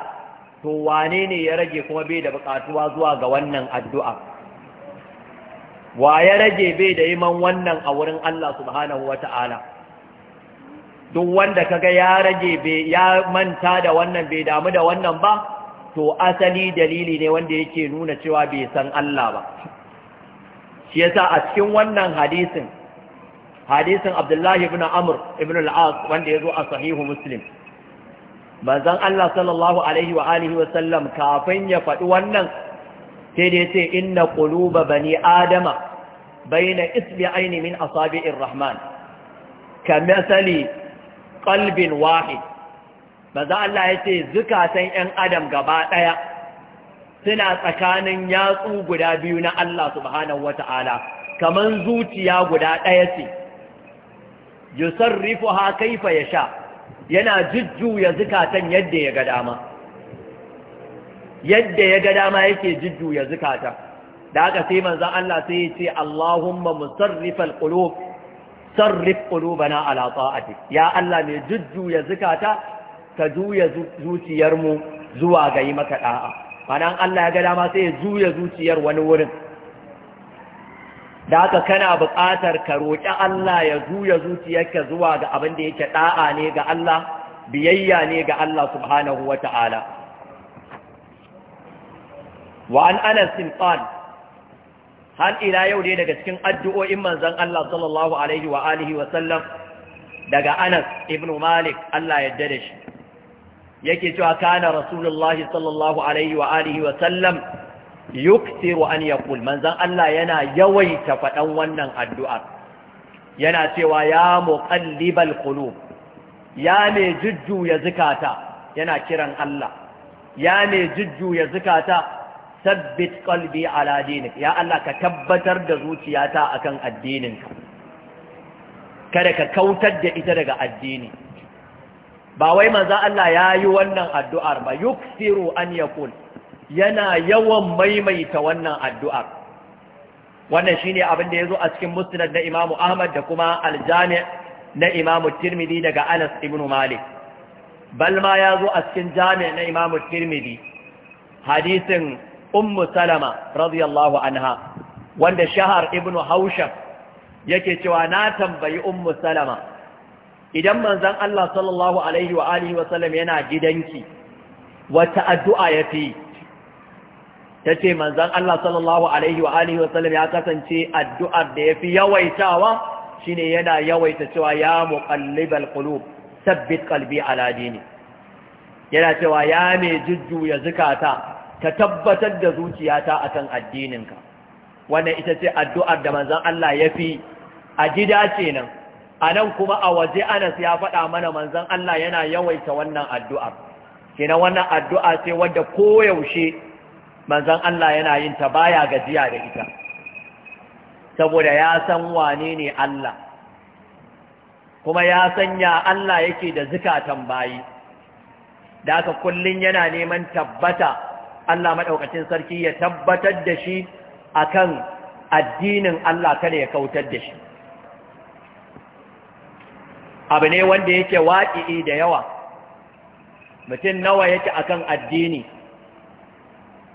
to wane ne ya rage kuma bai da buƙatuwa zuwa ga wannan addu'a wa ya rage bai da iman wannan a wurin Allah subhanahu ta’ala? duk wanda kaga ya rage bai ya manta da wannan bai damu da wannan ba to asali dalili ne wanda yake nuna cewa bai san Allah ba shi yasa a cikin wannan hadisin hadisin abdullahi ibn amr ibn al-as wanda yazo a sahihu muslim manzon Allah sallallahu alaihi wa alihi wa sallam kafin ya faɗi wannan sai da yace inna quluba bani adama baina isbi'aini min asabi'ir rahman kamathali qalbin wahid manzon Allah yace zukatan 'yan adam gaba ɗaya suna tsakanin yatsu guda biyu na Allah subhanahu wata'ala kaman zuciya guda ɗaya ce yusarrifuha kaifa sha. yana jujjuya zukatan yadda ya ga dama yadda ya ga dama yake jujjuya zukata da aka sai manzon Allah sai ya ce Allahumma musarrifal qulub sarrif qulubana ala ta'atik ya Allah mai jujjuya zukata ka juya zuciyarmu zuwa ga yi maka da'a manan Allah ya ga dama sai ya juya zuciyar wani wurin da haka kana buƙatar ka roƙi Allah ya juya zuciyarka zuwa ga abin da yake da'a ne ga Allah biyayya ne ga Allah subhanahu wa ta'ala wa an ana sinfan har ila yau dai daga cikin addu'o'in manzon Allah sallallahu alaihi wa alihi wa sallam daga Anas ibn Malik Allah ya yarda da shi yake cewa kana rasulullahi sallallahu alaihi wa alihi wa sallam yuktiru an yaqul Manzan Allah yana yawaita faɗan wannan addu'a yana cewa ya muqallibal qulub ya ne jujju ya yana kiran Allah ya ne jujju ya zikata sabbit qalbi ala dinik ya Allah ka tabbatar da zuciyata akan addininka kada ka kautar da ita daga addini ba wai manzo Allah ya yi wannan addu'ar ba yuksiru an yaqul yana yawan maimaita wannan addu'ar wannan shine abin da zo a cikin musnad na Imam Ahmad da kuma al na Imam Tirmidhi daga Anas ibn Malik Balma ya zo a cikin Jami' na Imam Tirmidhi hadisin Ummu Salama radiyallahu anha wanda Shahar ibn Haushab yake cewa na tambayi Ummu Salama idan manzan Allah sallallahu alaihi wa alihi wa yana gidanki wata addu'a ya fi ta ce manzan Allah sallallahu alaihi wa alihi wa ya kasance addu'ar da ya fi yawaitawa shine yana yawaita cewa ya muqallibal kulu sabbit qalbi a dini yana cewa ya mai jujjuya zukata ka tabbatar da zuciyata akan addininka wannan ita ce addu'ar da manzan Allah ya fi a gida kenan a nan kuma a waje anas ya faɗa mana manzan Allah yana yawaita wannan addu'a kina wannan addu'a sai wadda koyaushe manzan Allah yana yin ta baya gajiya da ita saboda ya san wane ne Allah kuma ya sanya Allah yake da zukatan bayi da aka kullum yana neman tabbata Allah maɗaukacin sarki ya tabbatar da shi akan addinin Allah kada ya kautar da shi abu ne wanda yake waƙi'i da yawa mutum nawa yake akan addini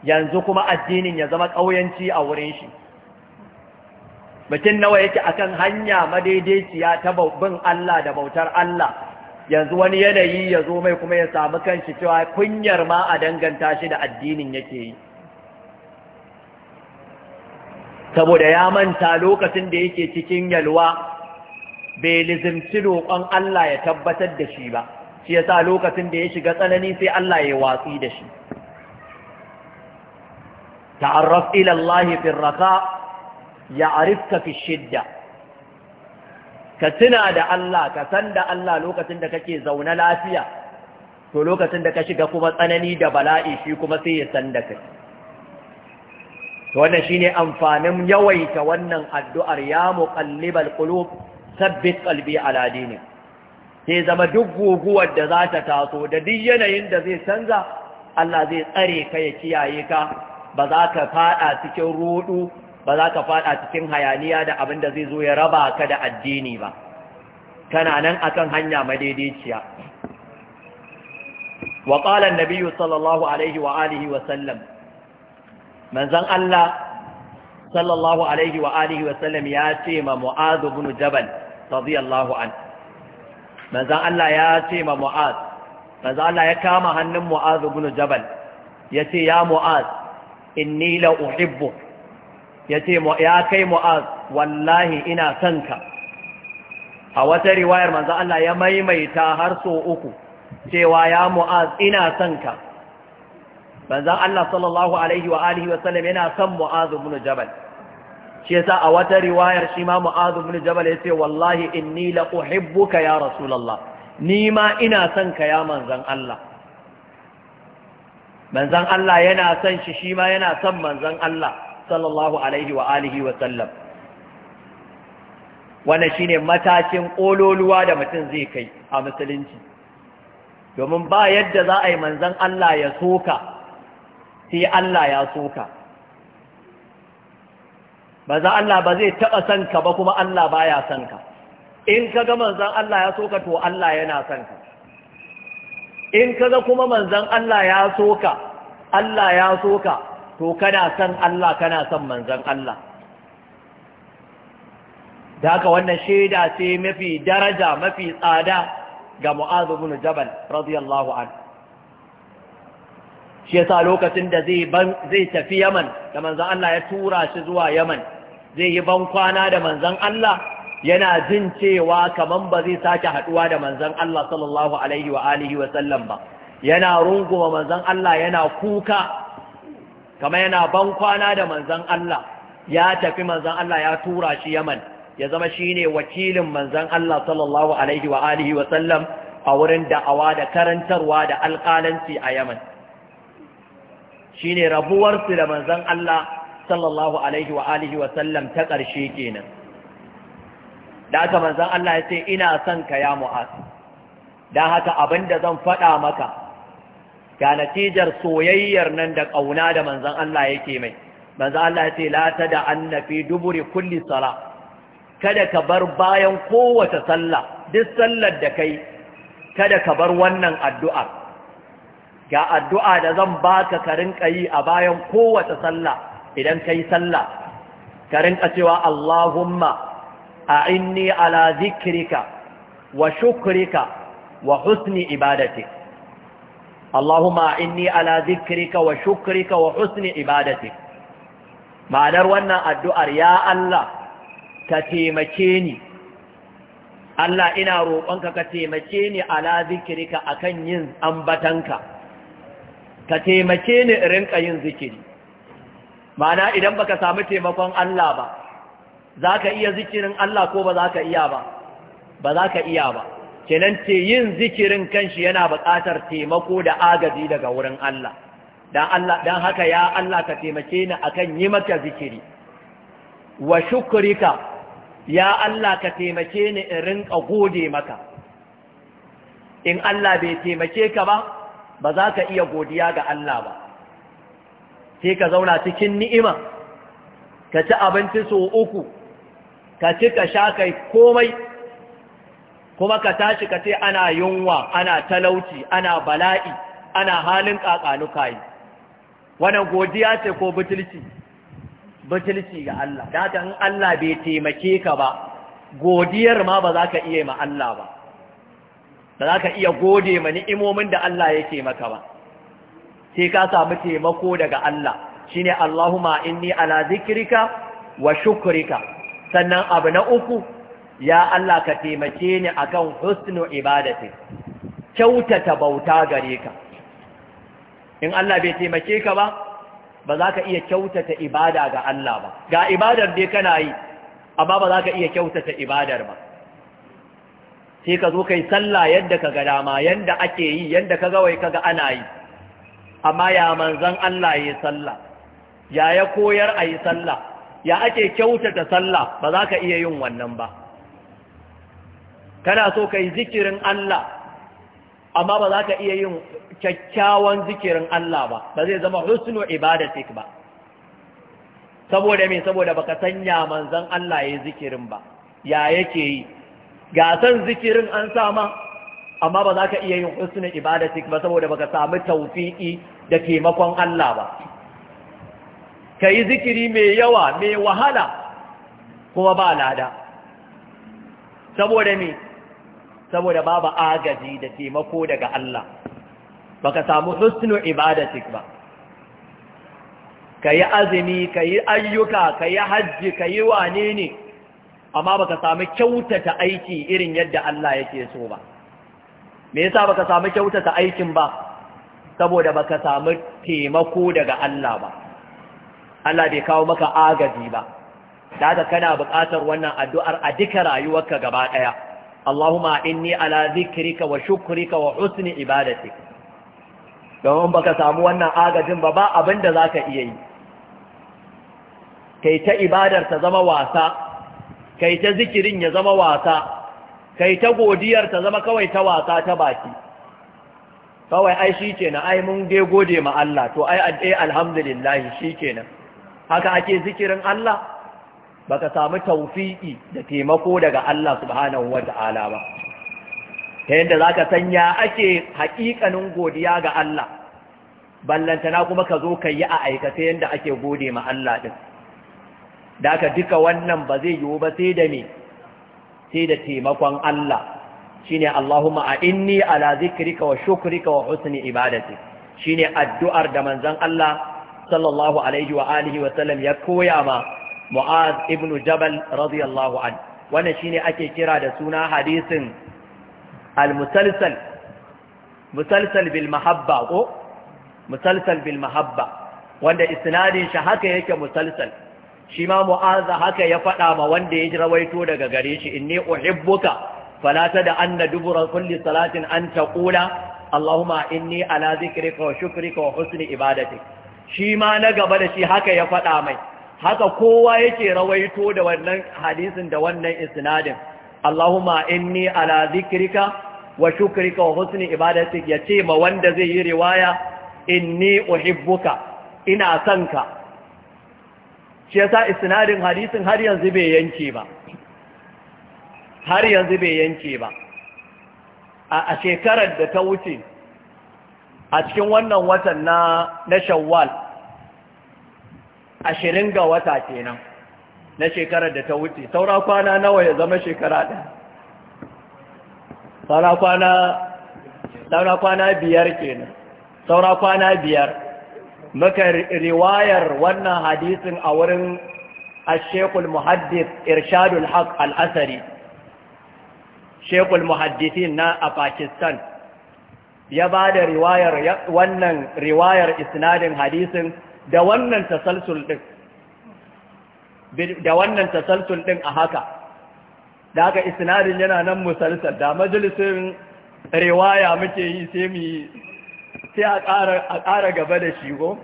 yanzu kuma addinin ya zama ƙauyanci a wurin shi mutum nawa yake akan hanya madaidaiciya ta bin Allah da bautar Allah yanzu wani yanayi ya zo mai kuma ya samu kanshi cewa kunyar ma a danganta shi da addinin yake yi saboda ya manta lokacin da yake cikin yalwa bai lizimci roƙon Allah ya tabbatar da shi ba shi sa lokacin da ya shiga tsanani sai Allah ya watsi da shi ta'arraf ilallahi firraka, ya raka fi shidda ka tuna da Allah ka san da Allah lokacin da kake zaune lafiya to lokacin da ka shiga kuma tsanani da bala'i shi kuma sai ya san da kai to shi shine amfanin yawaita wannan addu'ar ya muqallibal qulub sabbit qalbi ala dinik sai zama duk guguwar da za ta taso da duk yanayin da zai canza Allah zai tsare ka ya kiyaye ka ba za ka fada cikin rudu ba za ka fada cikin hayaniya da abin da zai zo ya raba ka da addini ba kana nan akan hanya madaidaiciya wa qala an-nabiy sallallahu alaihi wa alihi wa sallam manzon Allah sallallahu alaihi wa alihi wa sallam ya ce ma mu'adh ibn jabal radiyallahu an manzon Allah ya ce ma Mu'az manzon Allah ya kama hannun Mu'az ibn Jabal yace ya Mu'az inni la uhibbu yace ya kai Mu'az wallahi ina son ka a wata riwayar manzon Allah ya maimaita har so uku cewa ya Mu'az ina son ka manzon Allah sallallahu alaihi wa alihi wa sallam yana son Mu'az ibn Jabal shi yasa a wata riwayar shi ma ibn jabal yace wallahi inni la uhibbuka ya rasulullah ni ma ina son ka ya manzon Allah manzon Allah yana son shi shi ma yana son manzon Allah sallallahu alaihi wa alihi wa sallam wannan shine matakin kololuwa da mutum zai kai a musulunci domin ba yadda za a yi manzon Allah ya soka sai Allah ya soka ba za Allah ba zai taɓa son ka ba kuma Allah ya son ka in ka ga manzan Allah ya so ka to Allah yana son ka in ka ga kuma manzan Allah ya so ka Allah ya so ka to kana son Allah kana son manzan Allah da haka wannan shaida ce mafi daraja mafi tsada ga mu'azu bin jabal radiyallahu an shi yasa lokacin da zai tafi yaman da manzan Allah ya tura shi zuwa yaman zai yi bankwana da manzon Allah yana jin cewa kaman ba zai sake haɗuwa da manzan Allah sallallahu alaihi wa alihi ba yana runguma manzan Allah yana kuka kamar yana bankwana da manzan Allah ya tafi manzan Allah ya tura shi Yaman ya zama shine wakilin manzan Allah sallallahu alaihi wa alihi a wurin da'awa da karantarwa da alƙalanci a Yaman shine rabuwarsu da manzon Allah sallallahu alaihi wa alihi wa sallam ta ƙarshe kenan da haka manzon Allah ya ce ina son ka ya Mu'az dan haka da zan faɗa maka ga natijar soyayyar nan da ƙauna da manzan Allah yake mai manzon Allah ya ce lata da anna duburi kulli sala kada ka bar bayan kowace sallah duk sallar da kai kada ka bar wannan addu'ar ga addu'a da zan baka ka rinka yi a bayan kowace sallah idan ka yi sallah ka rinka cewa Allahumma a inni ala zikrika wa shukurika wa husni ibadatik Allahumma a inni ala zikrika wa shukurika wa husni ibadatik ma'anar wannan addu'ar ya Allah ka taimake ni Allah ina roƙonka ka taimake ni ala zikirika akan yin ambatanka ka taimake ni rinka yin zikiri ma'ana idan baka samu taimakon Allah ba za ka iya zikirin Allah ko ba za ka iya ba ba za ka iya ba kenan ce yin zikirin kanshi yana buƙatar taimako da agaji daga wurin Allah dan haka ya Allah ka taimake ni akan yi maka zikiri wa shukrika ya Allah ka taimake ni in rinka gode maka in Allah bai taimake ka ba ba za ka iya godiya ga Allah ba sai ka zauna cikin ni'ima ka ci abinci so uku ka ci ka sha kai komai kuma ka tashi ka ce ana yunwa ana talauci ana bala'i ana halin kakanuka yi wannan godiya ce ko butulci butulci ga Allah da ta in Allah bai taimake ka ba godiyar ma ba za ka iya ma Allah ba ba za ka iya gode ma ni'imomin da Allah yake maka ba sai ka samu taimako daga Allah Shi shine Allahumma ni ala zikirka wa shukurika. sannan abu na uku ya Allah ka taimake ni akan husnu ibadati kyautata bauta gare ka in Allah bai taimake ka ba ba za ka iya kyautata ibada ga Allah ba ga ibadar dai kana yi amma ba za ka iya kyautata ibadar ba sai ka zo kai sallah yadda ka ga dama yadda ake yi yadda ka ga wai ga ana yi amma ya manzan Allah ya yi sallah ya ya koyar a yi sallah ya ake kyautata sallah ba za ka iya yin wannan ba kana so ka yi zikirin Allah amma ba za ka iya yin kyakkyawan zikirin Allah ba ba zai zama husnu ibadatik ba saboda me saboda baka ya manzan Allah ya yi zikirin ba ya yake yi ga san zikirin an sa ma. amma ba za ka iya yin ibada ibadatik ba saboda baka samu tawfiki da taimakon Allah ba kai zikiri mai yawa mai wahala kuma ba lada saboda me saboda babu agaji da taimako daga Allah baka samu husnul ibadatik ba kayi azumi kayi ayyuka kayi hajji kayi wane ne amma baka samu kyautata aiki irin yadda Allah yake so ba me yasa baka samu kyauta ta aikin ba saboda baka samu taimako daga Allah ba Allah bai kawo maka agaji ba da ka kana buƙatar wannan addu'ar a duka rayuwarka gaba ɗaya Allahumma inni ala zikrika wa shukrika wa husni ibadatik don baka samu wannan agajin ba ba abin da zaka iya yi kai ta ibadar ta zama wasa kai ta zikirin ya zama wasa kai ta godiyar ta zama kawai ta wasa ta baki kawai ai shi kenan ai mun dai gode ma Allah to ai ai eh, alhamdulillah shi kenan haka ake zikirin Allah baka samu tawfiqi da taimako daga Allah subhanahu wata'ala ba ta yadda zaka sanya ake haƙiƙanin godiya ga Allah ballantana kuma ka zo ka yi a aikata yadda ake gode ma Allah din da ka duka wannan ba zai yiwu ba sai da me sai da taimakon Allah ne Allahumma a inni ala zikrika wa shukrika wa husni ibadati ne addu'ar da manzon Allah sallallahu alaihi wa alihi wa ya koya ma Mu'az ibn Jabal radiyallahu an wannan ne ake kira da suna hadisin al-musalsal musalsal bil mahabba ko musalsal bil mahabba wanda isnadin shi haka yake musalsal shi ma mu'aza haka ya faɗa ma wanda ya rawaito daga gare shi in ne uhibbuka fala da anna dubura kulli salatin an taqula allahumma inni ala zikrika wa shukrika wa husni ibadatik shi ma na gaba da shi haka ya faɗa mai haka kowa yake rawaito da wannan hadisin da wannan isnadin allahumma inni ala zikrika wa shukrika wa husni ibadatik yace ma wanda zai yi riwaya inni uhibbuka ina sanka shi yasa isnadin hadisin har yanzu bai yanke ba har yanzu bai yanke ba a shekarar da ta wuce a cikin wannan watan na na shawwal ashirin ga wata kenan na shekarar da ta wuce saura kwana nawa ya zama shekara kwana saura kwana biyar kenan saura kwana biyar muka riwayar wannan hadisin a wurin Shekul muhaddis irshadul haq al'asari shekul muhaddisin na a pakistan ya ba da riwayar wannan riwayar isnadin hadisin da wannan tasalsul din da wannan tasalsul din a haka da haka isnadin yana nan musalsal da majalisin riwaya muke yi sai mu sai a ƙara gaba da shi ko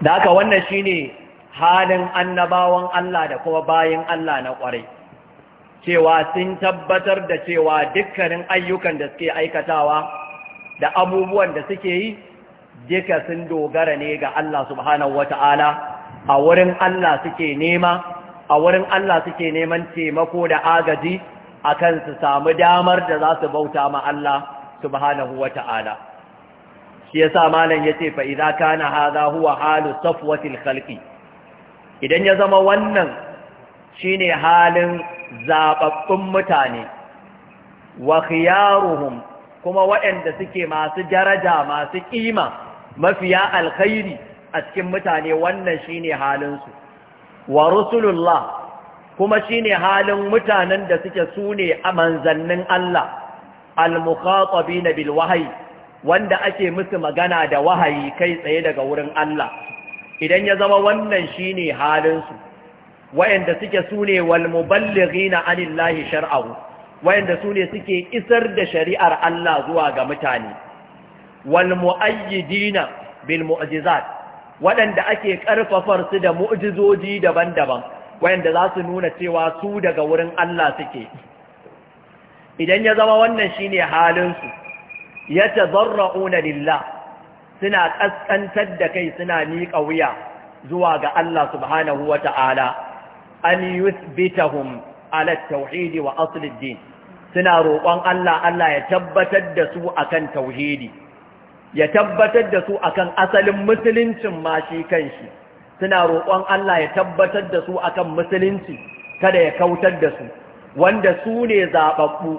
da aka wannan shine halin annabawan Allah da kuma bayan Allah na ƙwarai cewa sun tabbatar da cewa dukkanin ayyukan da suke aikatawa da abubuwan da suke yi duka sun dogara ne ga Allah subhanahu wata'ala a wurin Allah suke nema a wurin Allah suke neman taimako da agaji akan su samu damar da za su bauta ma Allah subhanahu ta'ala. shi yasa malam yace fa idza kana hadha huwa halu safwatil khalqi idan ya zama wannan shine halin zababbun mutane wa khiyaruhum kuma waɗanda suke masu daraja masu ƙima mafiya alkhairi a cikin mutane wannan shine halinsu wa rusulullah kuma shine halin mutanen da suke sune a manzannin Allah al-mukhatabina bil wahyi wanda ake musu magana da wahayi kai tsaye daga wurin Allah idan ya zama wannan shine halinsu wayanda suke sune wal muballighina anillahi shar'ahu wayanda sune suke isar da shari'ar Allah zuwa ga mutane wal muayyidina bil mu'jizat waɗanda ake ƙarfafar su da mu'jizoji daban-daban waɗanda za su nuna cewa su daga wurin Allah suke idan ya zama wannan shine halinsu ya na lillah suna ƙasƙantar da kai suna miƙa wuya zuwa ga Allah subhanahu wa ta'ala an yuthbitahum ala tauhidi wa aslid din suna roƙon Allah Allah ya tabbatar da su akan tauhidi ya tabbatar da su akan asalin musuluncin ma shi kanshi suna roƙon Allah ya tabbatar da su akan musulunci kada ya kautar da su wanda su ne zaɓaɓɓu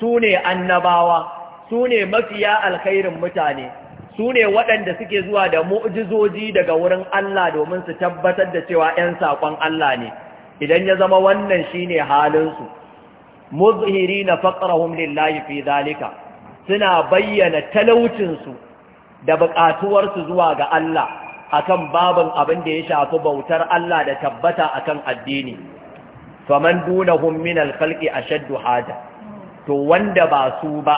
su ne annabawa su ne mafiya alkhairin mutane su ne waɗanda suke zuwa da mu'jizoji daga wurin Allah domin su tabbatar da cewa 'yan saƙon Allah ne idan ya zama wannan shine halinsu muzhiri na faƙarahum lillahi fi zalika suna bayyana talaucinsu da su zuwa ga Allah akan babun abin da ya shafi bautar Allah da tabbata akan addini faman dunahum min al-khalqi ashaddu haja to wanda ba su ba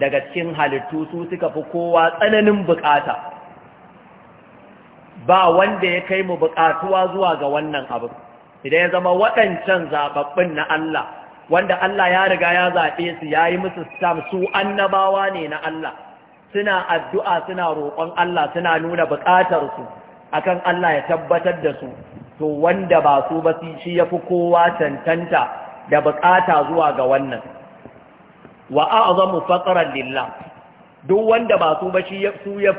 daga cikin halittu su suka fi kowa tsananin bukata ba wanda ya kai mu bukatuwa zuwa ga wannan abu idan ya zama waɗancan zababbin na Allah wanda Allah ya riga ya zaɓe su ya yi musu stamp su annabawa ne na Allah suna addu'a suna roƙon Allah suna nuna buƙatarsu akan Allah ya tabbatar da su to wanda ba su ba shi fi kowa tantanta da buƙata zuwa ga wannan wa a'zamu faqran lillah duk wanda ba su ba shi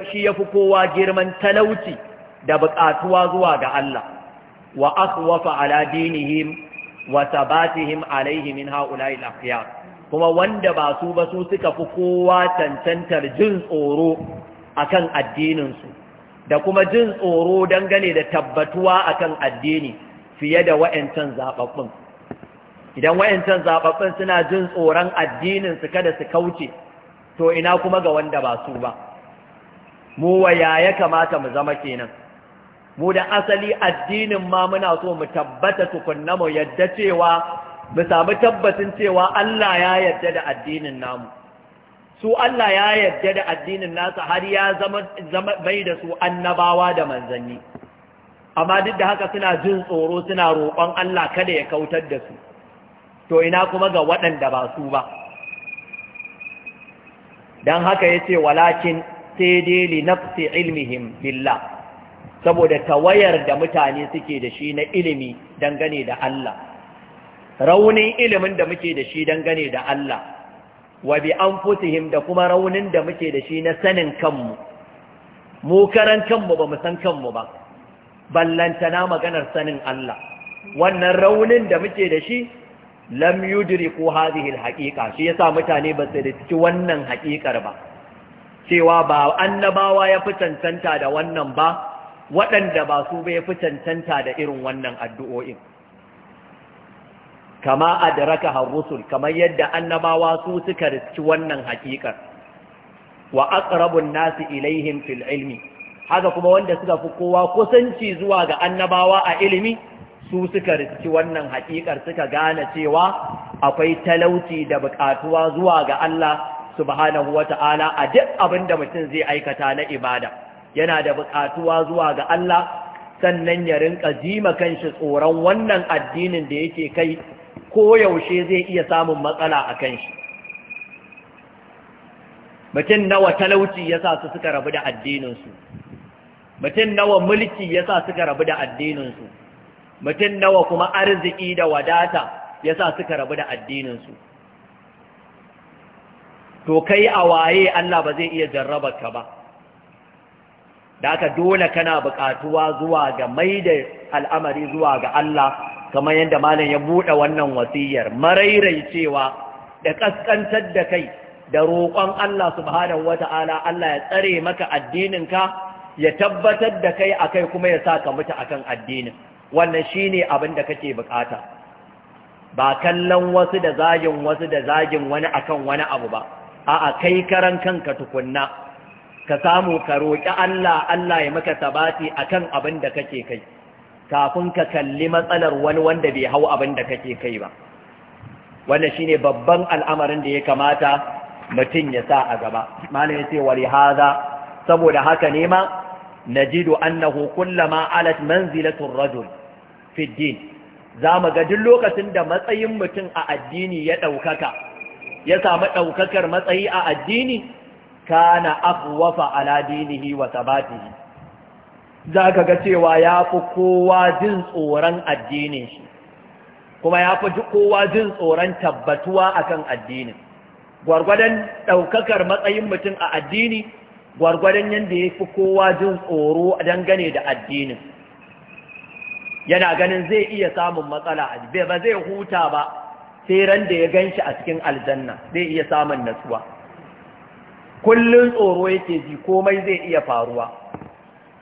fi kowa girman talauci da buƙatuwa zuwa ga Allah wa akhwafa ala dinihim wa sabatihim alaihimin ha'ula'il akhyar kuma wanda ba su ba su suka fi kowa cancantar jin tsoro akan addininsu da kuma jin tsoro dangane da tabbatuwa akan addini fiye da wa'yancan zaɓaɓɓun idan wa'yancan zaɓaɓɓun suna jin tsoron addininsu kada su kauce to ina kuma ga wanda ba su ba mu waya ya kamata mu zama kenan mu da asali addinin ma muna so mu tabbata tukunna mu yadda cewa mu samu tabbacin cewa Allah ya yarda da addinin namu su Allah ya yarda da addinin nasu, har ya zama mai da su annabawa da manzanni amma duk da haka suna jin tsoro suna roƙon Allah kada ya kautar da su to ina kuma ga waɗanda ba su ba don haka ya ce walakin sai dai li nafsi ilmihim billah saboda tawayar da mutane suke da shi na ilimi dangane da Allah raunin ilimin da muke da shi dangane da Allah wa bi anfusihim da kuma raunin da muke da shi na sanin kanmu mu karan kanmu ba mu san kanmu ba ballantana maganar sanin Allah wannan raunin da muke da shi lam yudriku hadhihi alhaqiqa shi yasa mutane ba su riski wannan haƙiƙar ba cewa ba annabawa ya fi cancanta da wannan ba waɗanda ba su ba ya fi cancanta da irin wannan addu'o'in kama adraka ar-rusul kamar yadda annabawa su suka riski wannan hakikar wa aqrabun nasi ilaihim fil ilmi haka kuma wanda suka fi kowa kusanci zuwa ga annabawa a ilimi su suka riski wannan hakikar suka gane cewa akwai talauci da bukatuwa zuwa ga Allah subhanahu wata'ala a duk abin da mutum zai aikata na ibada yana da bukatuwa zuwa ga Allah sannan ya rinka jima kanshi tsoron wannan addinin da yake kai Ko yaushe zai iya samun matsala a kan shi mutum nawa talauci ya sa su suka rabu da addininsu mutum nawa mulki ya sa suka rabu da addininsu mutum nawa kuma arziki da wadata ya sa suka rabu da addininsu to kai a waye Allah ba zai iya jarrabarka ba da aka dole kana bukatuwa zuwa ga mai da al'amari zuwa ga Allah kamar yadda malam ya buɗe wannan wasiyar marairaicewa da ƙasƙantar da kai da roƙon Allah subhanahu wata'ala Allah ya tsare maka addininka ya tabbatar da kai akai kuma ya saka mutu akan addinin wannan shine abin da kake bukata ba kallon wasu da zagin wasu da zagin wani akan wani abu ba a'a kai karan kanka tukunna ka samu ka roƙi Allah Allah ya maka sabati akan abin da kake kai kafin ka kalli matsalar wani wanda bai hau abin da kake kai ba wannan shine babban al'amarin da ya kamata mutum ya sa a gaba malam yace wali hadha saboda haka ne ma najidu annahu kullama alat manzilatu ar-rajul fi ad-din zamu ga duk lokacin da matsayin mutum a addini ya daukaka ya samu daukakar matsayi a addini kana afwafa ala dinihi wa sabatihi za ka ga cewa ya fi kowa jin tsoron addinin shi kuma ya fi kowa jin tsoron tabbatuwa akan addinin gwargwadon ɗaukakar matsayin mutum a addini gwargwadon yadda ya fi kowa jin tsoro dangane da addinin yana ganin zai iya samun matsala ba zai huta ba sai ran da ya gan shi a cikin aljanna zai iya samun natsuwa kullum tsoro yake ji komai zai iya faruwa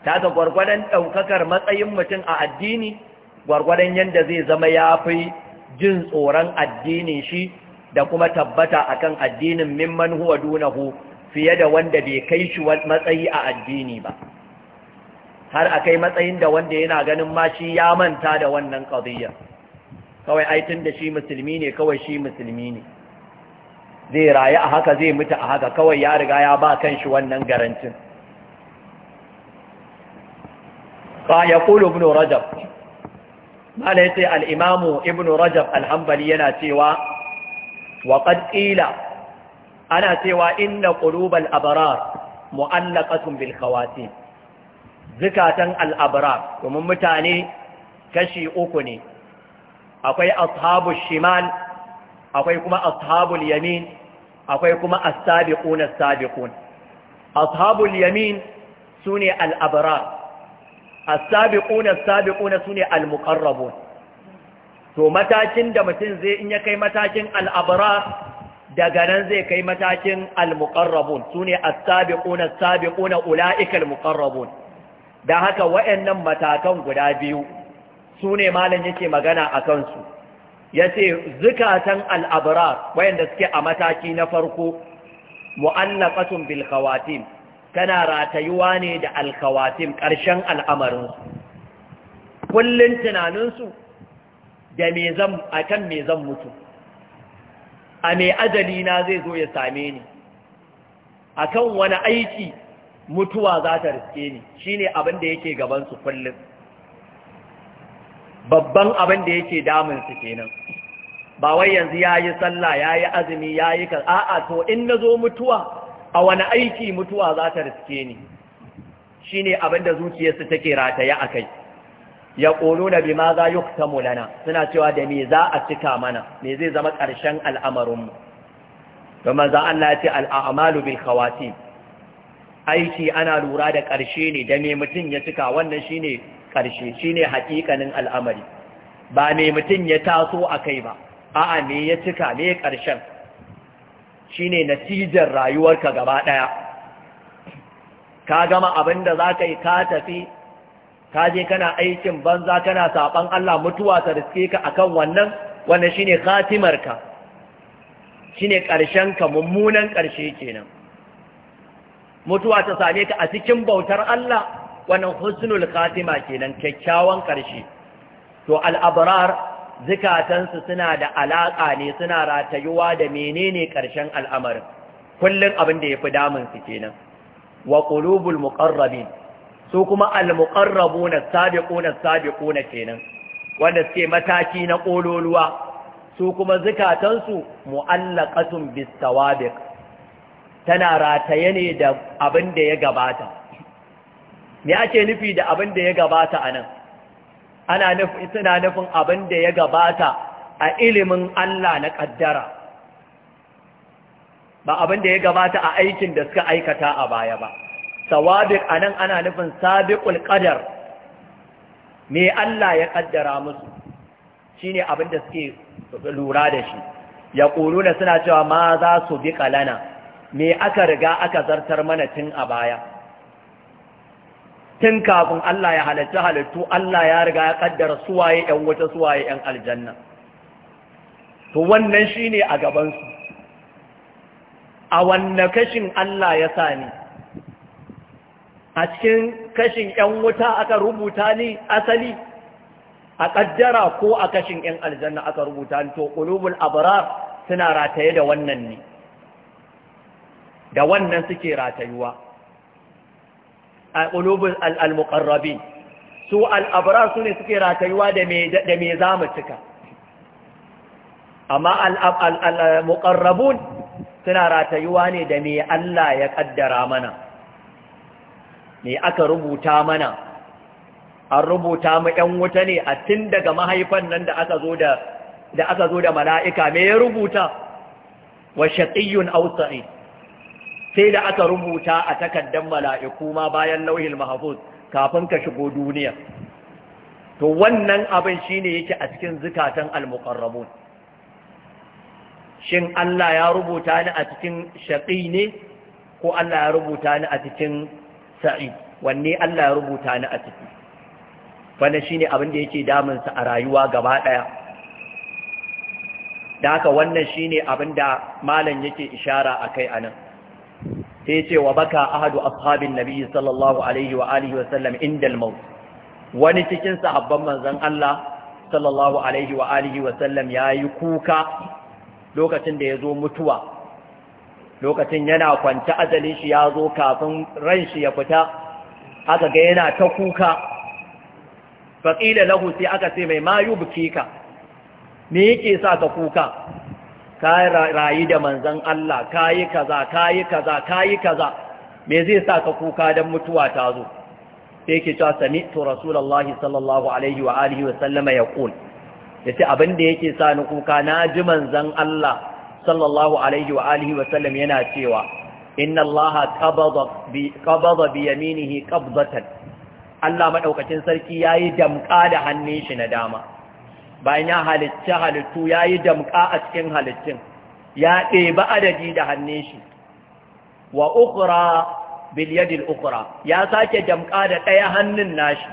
ta ga gwargwadon ɗaukakar matsayin mutum a addini gwargwadon yadda zai zama ya fi jin tsoron addinin shi da kuma tabbata akan addinin mimman huwa dunahu fiye da wanda bai kai shi matsayi a addini ba har akai matsayin da wanda yana ganin ma shi ya manta da wannan qadiyya kawai ai da shi musulmi ne kawai shi musulmi ne zai rayu a haka zai mutu a haka kawai ya riga ya ba kan shi wannan garantin fa yaqulu ibn rajab mala yace al-imamu ibn rajab al yana cewa wa qad ana cewa inna qulubal abrar mu'allaqatun bil khawatim zikatan al-abrar domin mutane kashi uku ne akwai ashabu shimal akwai kuma ashabul yamin akwai kuma as-sabiquna as ashabul yamin sune al-abrar as-sabiquna sune al to matakin da mutum zai in ya kai matakin al daga nan zai kai matakin al sune as-sabiquna as-sabiquna al da haka wayannan matakan guda biyu sune malam yake magana a kansu. Ya ce zukatan al wayanda suke a mataki na farko mu'allaqatun bilkawatin tana ratayuwa ne da alkawatin ƙarshen al'amarinsu kullum tunaninsu da a kan me zan mutu a me ajali na zai zo ya same ni a kan wani aiki mutuwa za ta riske ni shi ne abin da yake gabansu kullum babban abin da yake damunsu kenan ba wai yanzu ya yi sallah ya yi azumi ya yi a'a to in na zo mutuwa a wani aiki mutuwa za ta riske ni shine abin da zuciyarsu take rataye a kai ya ƙoro na bi ma za ta Mulana, suna cewa da me za a cika mana me zai zama ƙarshen al'amarinmu domin za Allah ce al'amalu bil khawatim aiki ana lura da ƙarshe ne da me mutum ya cika wannan shi ne ƙarshe shi ne haƙiƙanin al'amari ba me mutum ya taso a kai ba a'a me ya cika me ƙarshen Shi ne natijar rayuwarka gaba ɗaya ka gama abin da za ka yi ka tafi ka je kana aikin banza kana saɓan Allah mutuwa ta riske ka akan wannan wannan Shi khatimarka shine ka mummunan ƙarshe kenan mutuwa ta same ka a cikin bautar Allah wannan husnul khatima kenan kyakkyawan ƙarshe to al zikatansu suna da alaƙa ne suna ratayuwa da menene ƙarshen al'amarin kullum abin da ya fi damunsu kenan wa ƙulubul muƙarrabin su kuma al-muƙarrabu na sabiƙo na sabiƙo na kenan wanda suke mataki na ƙololuwa su kuma zikatansu mu'allaqatun bisawabiq tana rataye ne da abin da ya gabata me ake nufi da abin da ya gabata anan ana nufin suna nufin abin da ya gabata a ilimin Allah na kaddara ba abin da ya gabata a aikin da suka aikata a baya ba sawabiq anan ana nufin sabiqul qadar me Allah ya kaddara musu shine abin da suke lura da shi ya yaquluna suna cewa ma za su bi kalana me aka riga aka zartar mana tun a baya tun kafin Allah ya halatta halittu Allah ya riga ya kaddara suwaye ƴan wuta suwaye ƴan aljanna to wannan shi ne a gabansu a wannan kashin Allah ya sa ni a cikin kashin ƴan wuta aka rubuta ni asali a kaddara ko a kashin ‘yan aljanna aka rubuta ni to ƙulubul abrar suna rataye da wannan ne da wannan suke ratayuwa a ƙulubin al'almuƙarrabi su al'abra su ne suke ratayuwa da me za mu cika amma al'almuƙarrabun suna ratayuwa ne da me Allah ya ƙaddara mana me aka rubuta mana an rubuta mu ‘yan wuta ne a tun daga mahaifan nan da aka zo da mala'ika me ya rubuta wa shaƙiyun ausa'i sai da aka rubuta a takardar mala'iku ma bayan lauhin mahafuz kafin ka shigo duniya to wannan abin shine yake a cikin zukatan almuqarrabun shin Allah ya rubuta ni a cikin shaƙi ne ko Allah ya rubuta ni a cikin sa'i wanne Allah ya rubuta ni a ciki shi shine abin da yake damunsa a rayuwa gaba ɗaya? da haka wannan shine abin da malam yake ishara a kai anan sai ce wa baka ahadu ashabin nabi sallallahu alaihi wa alihi wa sallam indal maut wani cikin sahabban manzon Allah sallallahu alaihi wa alihi wa sallam yayi kuka lokacin da yazo mutuwa lokacin yana kwanta azalin shi yazo kafin ran shi ya fita aka ga yana ta kuka faqila lahu sai aka ce mai ma yubkika me yake sa ka kuka ka rayu da manzan Allah ka yi kaza ka yi kaza ka yi kaza me zai sa ka kuka don mutuwa ta zo sai ke cewa sami to rasulallahi sallallahu alaihi wa alihi wa sallama ya kul ya ce abin da yake sa ni kuka na ji manzan Allah sallallahu alaihi wa alihi wa sallam yana cewa inna Allah qabada bi yaminihi qabdatan Allah madaukakin sarki yayi damka da hannun shi na dama bayan ya halitta halittu ya yi a cikin halittun ya ɗeba adadi da hannun shi wa ukura biliyadil ukura ya sake damƙa da ɗaya hannun nashi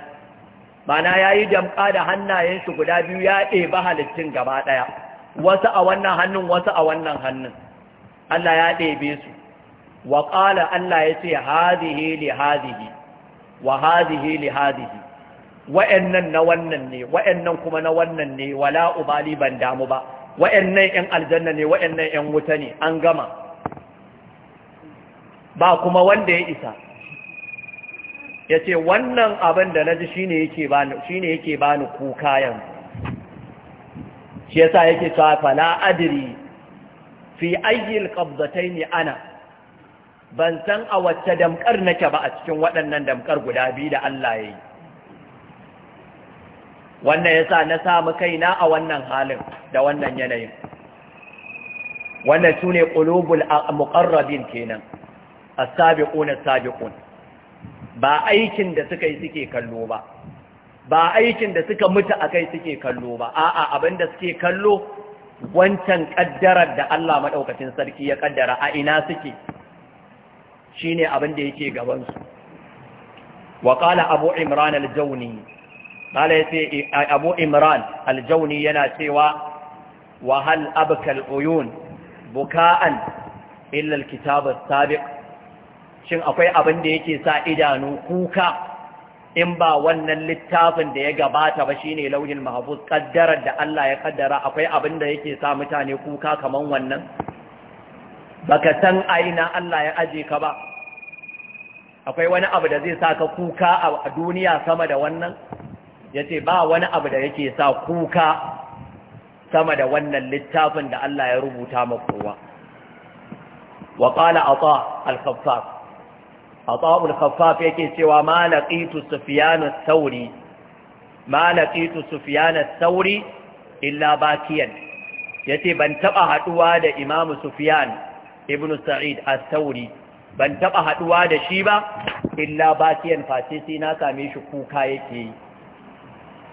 mana ya yi damƙa da hannayensu guda biyu ya ɗeba halittun gaba ɗaya wasu a wannan hannun wasu a wannan hannun Allah ya ɗebe su wa ƙala Allah ya ce hazihi li hazihi wa hazihi li hazihi wa'annan na wannan ne wa'annan kuma na wannan ne wala ubali ban damu ba wa'annan yan aljanna ne wa'annan yan wuta ne an gama ba kuma wanda ya isa yace wannan abin da naji shine yake bani shine yake bani kuka yanzu shi yasa yake cewa fala adri fi ayyil qabdatayn ana ban san a wacce damkar nake ba a cikin waɗannan damkar guda biyu da Allah ya yi wannan yasa na samu kaina a wannan halin da wannan yanayin wannan sune qulubul muqarrabin kenan a sabiquna as-sabiqun ba aikin da suka yi suke kallo ba ba aikin da suka mutu akai suke kallo ba a'a abinda suke kallo wancan kaddarar da Allah madaukakin sarki ya kaddara a ina suke shine abin da yake gaban su wa qala abu imran al-jawni قال Abu أبو إمران الجوني يناتيوا وهل abkal العيون buka'an إلا الكتاب السابق shin akwai abin da yake sa idanu kuka in ba wannan littafin da ya gabata ba shine lauhin mahfuz kaddarar da Allah ya kaddara akwai abin da yake sa mutane kuka kaman wannan baka san aina Allah ya aje ka ba akwai wani abu da zai sa ka kuka a duniya sama da wannan yace ba wani abu da yake sa kuka sama da wannan littafin da Allah ya rubuta ma Waƙala wa qala ata al-khaffaf ata yake cewa ma laqitu sufyan ath sauri ma illa bakiyan ce ban taɓa haɗuwa da imamu sufiyan ibnu sa'id a sauri. ban taɓa haɗuwa da shi ba illa bakiyan face sai na same shi kuka yake yi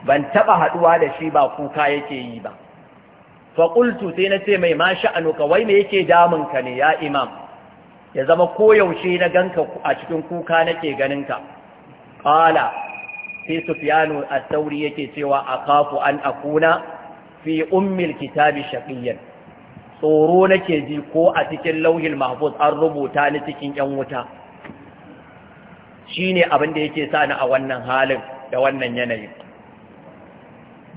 ban taɓa haɗuwa da shi ba kuka yake yi ba faƙultu sai na ce mai ma sha'anuka wai me yake damun ka ne ya imam ya zama ko yaushe na ganka a cikin kuka nake ka qala sai sufyanu a sauri yake cewa a kafu an akuna fi al kitabi shaƙiyyar tsoro nake ji ko a cikin lauhin mahfuz an rubuta ni cikin ‘yan wuta shine ne abin da yake sani a wannan halin da wannan yanayin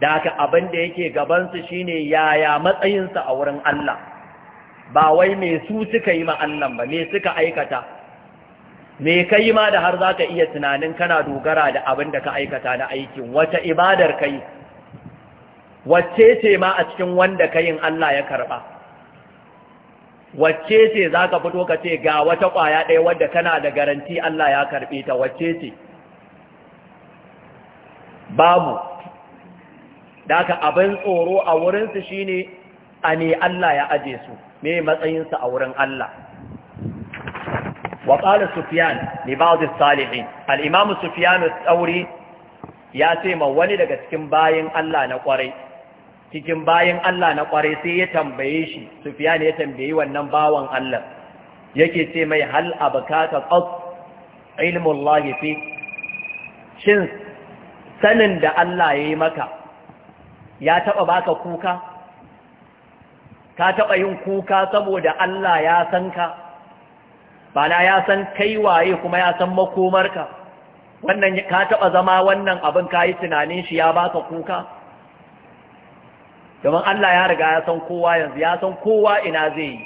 da haka abin da yake gabansu shine yaya matsayinsa a wurin Allah ba wai me su suka yi ma Allah ba me suka aikata me ka ma da har za ka iya tunanin kana dogara da abin da ka aikata na aikin wata ibadar kai wacce ce ma a cikin wanda kayin Allah ya karba wacce ce za ka fito ka ce ga wata ƙwaya ɗaya wadda kana da garanti Allah ya karɓe ta wacce ce babu da haka abin tsoro a wurinsu shine a ne Allah ya aje su me matsayinsu a wurin Allah wa sufyan li salihin al-imam sufyan ya ce ma wani daga cikin bayan Allah na kwarai cikin bayan Allah na kwarai sai ya tambaye shi Sufyanu ya tambayi wannan bawan Allah yake ce mai hal abakata qat ilmu fi shin sanin da Allah ya yi maka ya taɓa baka kuka ka taɓa yin kuka saboda Allah ya san ka bana ya san kai waye kuma ya san makomarka wannan ka taɓa zama wannan abin ka tunanin shi ya baka kuka domin Allah ya riga ya san kowa yanzu ya san kowa ina zai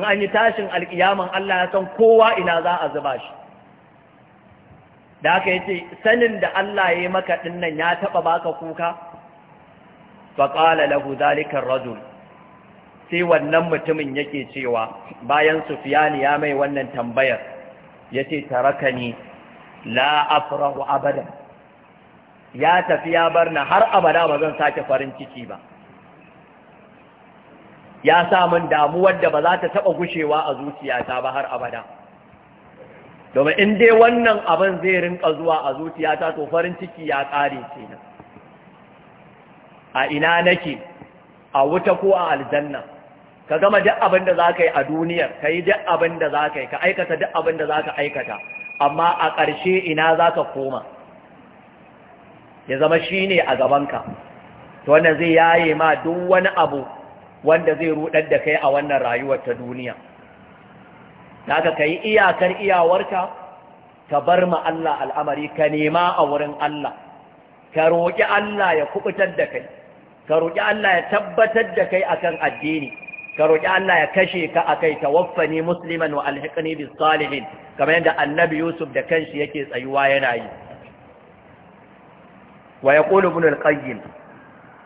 in an yi tashin alkiyaman Allah ya san kowa ina za a zuba shi da aka yi ce sanin da Allah ya yi maka ɗinnan ya taba baka kuka faƙala lahu zalikan rajul sai wannan mutumin yake cewa bayan sufiyani ya mai wannan tambayar ya ce taraka ni la afrahu abada ya tafi ya bar na har abada ba zan sake farin ciki ba ya samun damuwar da ba za ta taɓa gushewa a zuciyata ba har abada domin in dai wannan abin zai rinka zuwa a zuciyata to farin ciki ya ƙare kenan a ina nake a wuta ko a aljanna ka gama duk abin da za ka yi a duniyar ka yi duk abin da za ka yi ka aikata duk abin da za ka aikata amma a ƙarshe ina za ka koma ya zama shi ne a gabanka ta wannan zai yaye ma duk wani abu wanda zai ruɗar da kai a wannan rayuwar ta duniya da aka ka yi iyakar iyawarka ka bar ma Allah al'amari ka nema a wurin Allah ka roƙi Allah ya kuɓutar da kai ka roƙi Allah ya tabbatar da kai akan addini ka roƙi Allah ya kashe ka akai tawaffani musliman wa alhiqni bis salihin kamar yadda annabi Yusuf da kanshi yake tsayuwa yana yi wa yaqulu ibn al-qayyim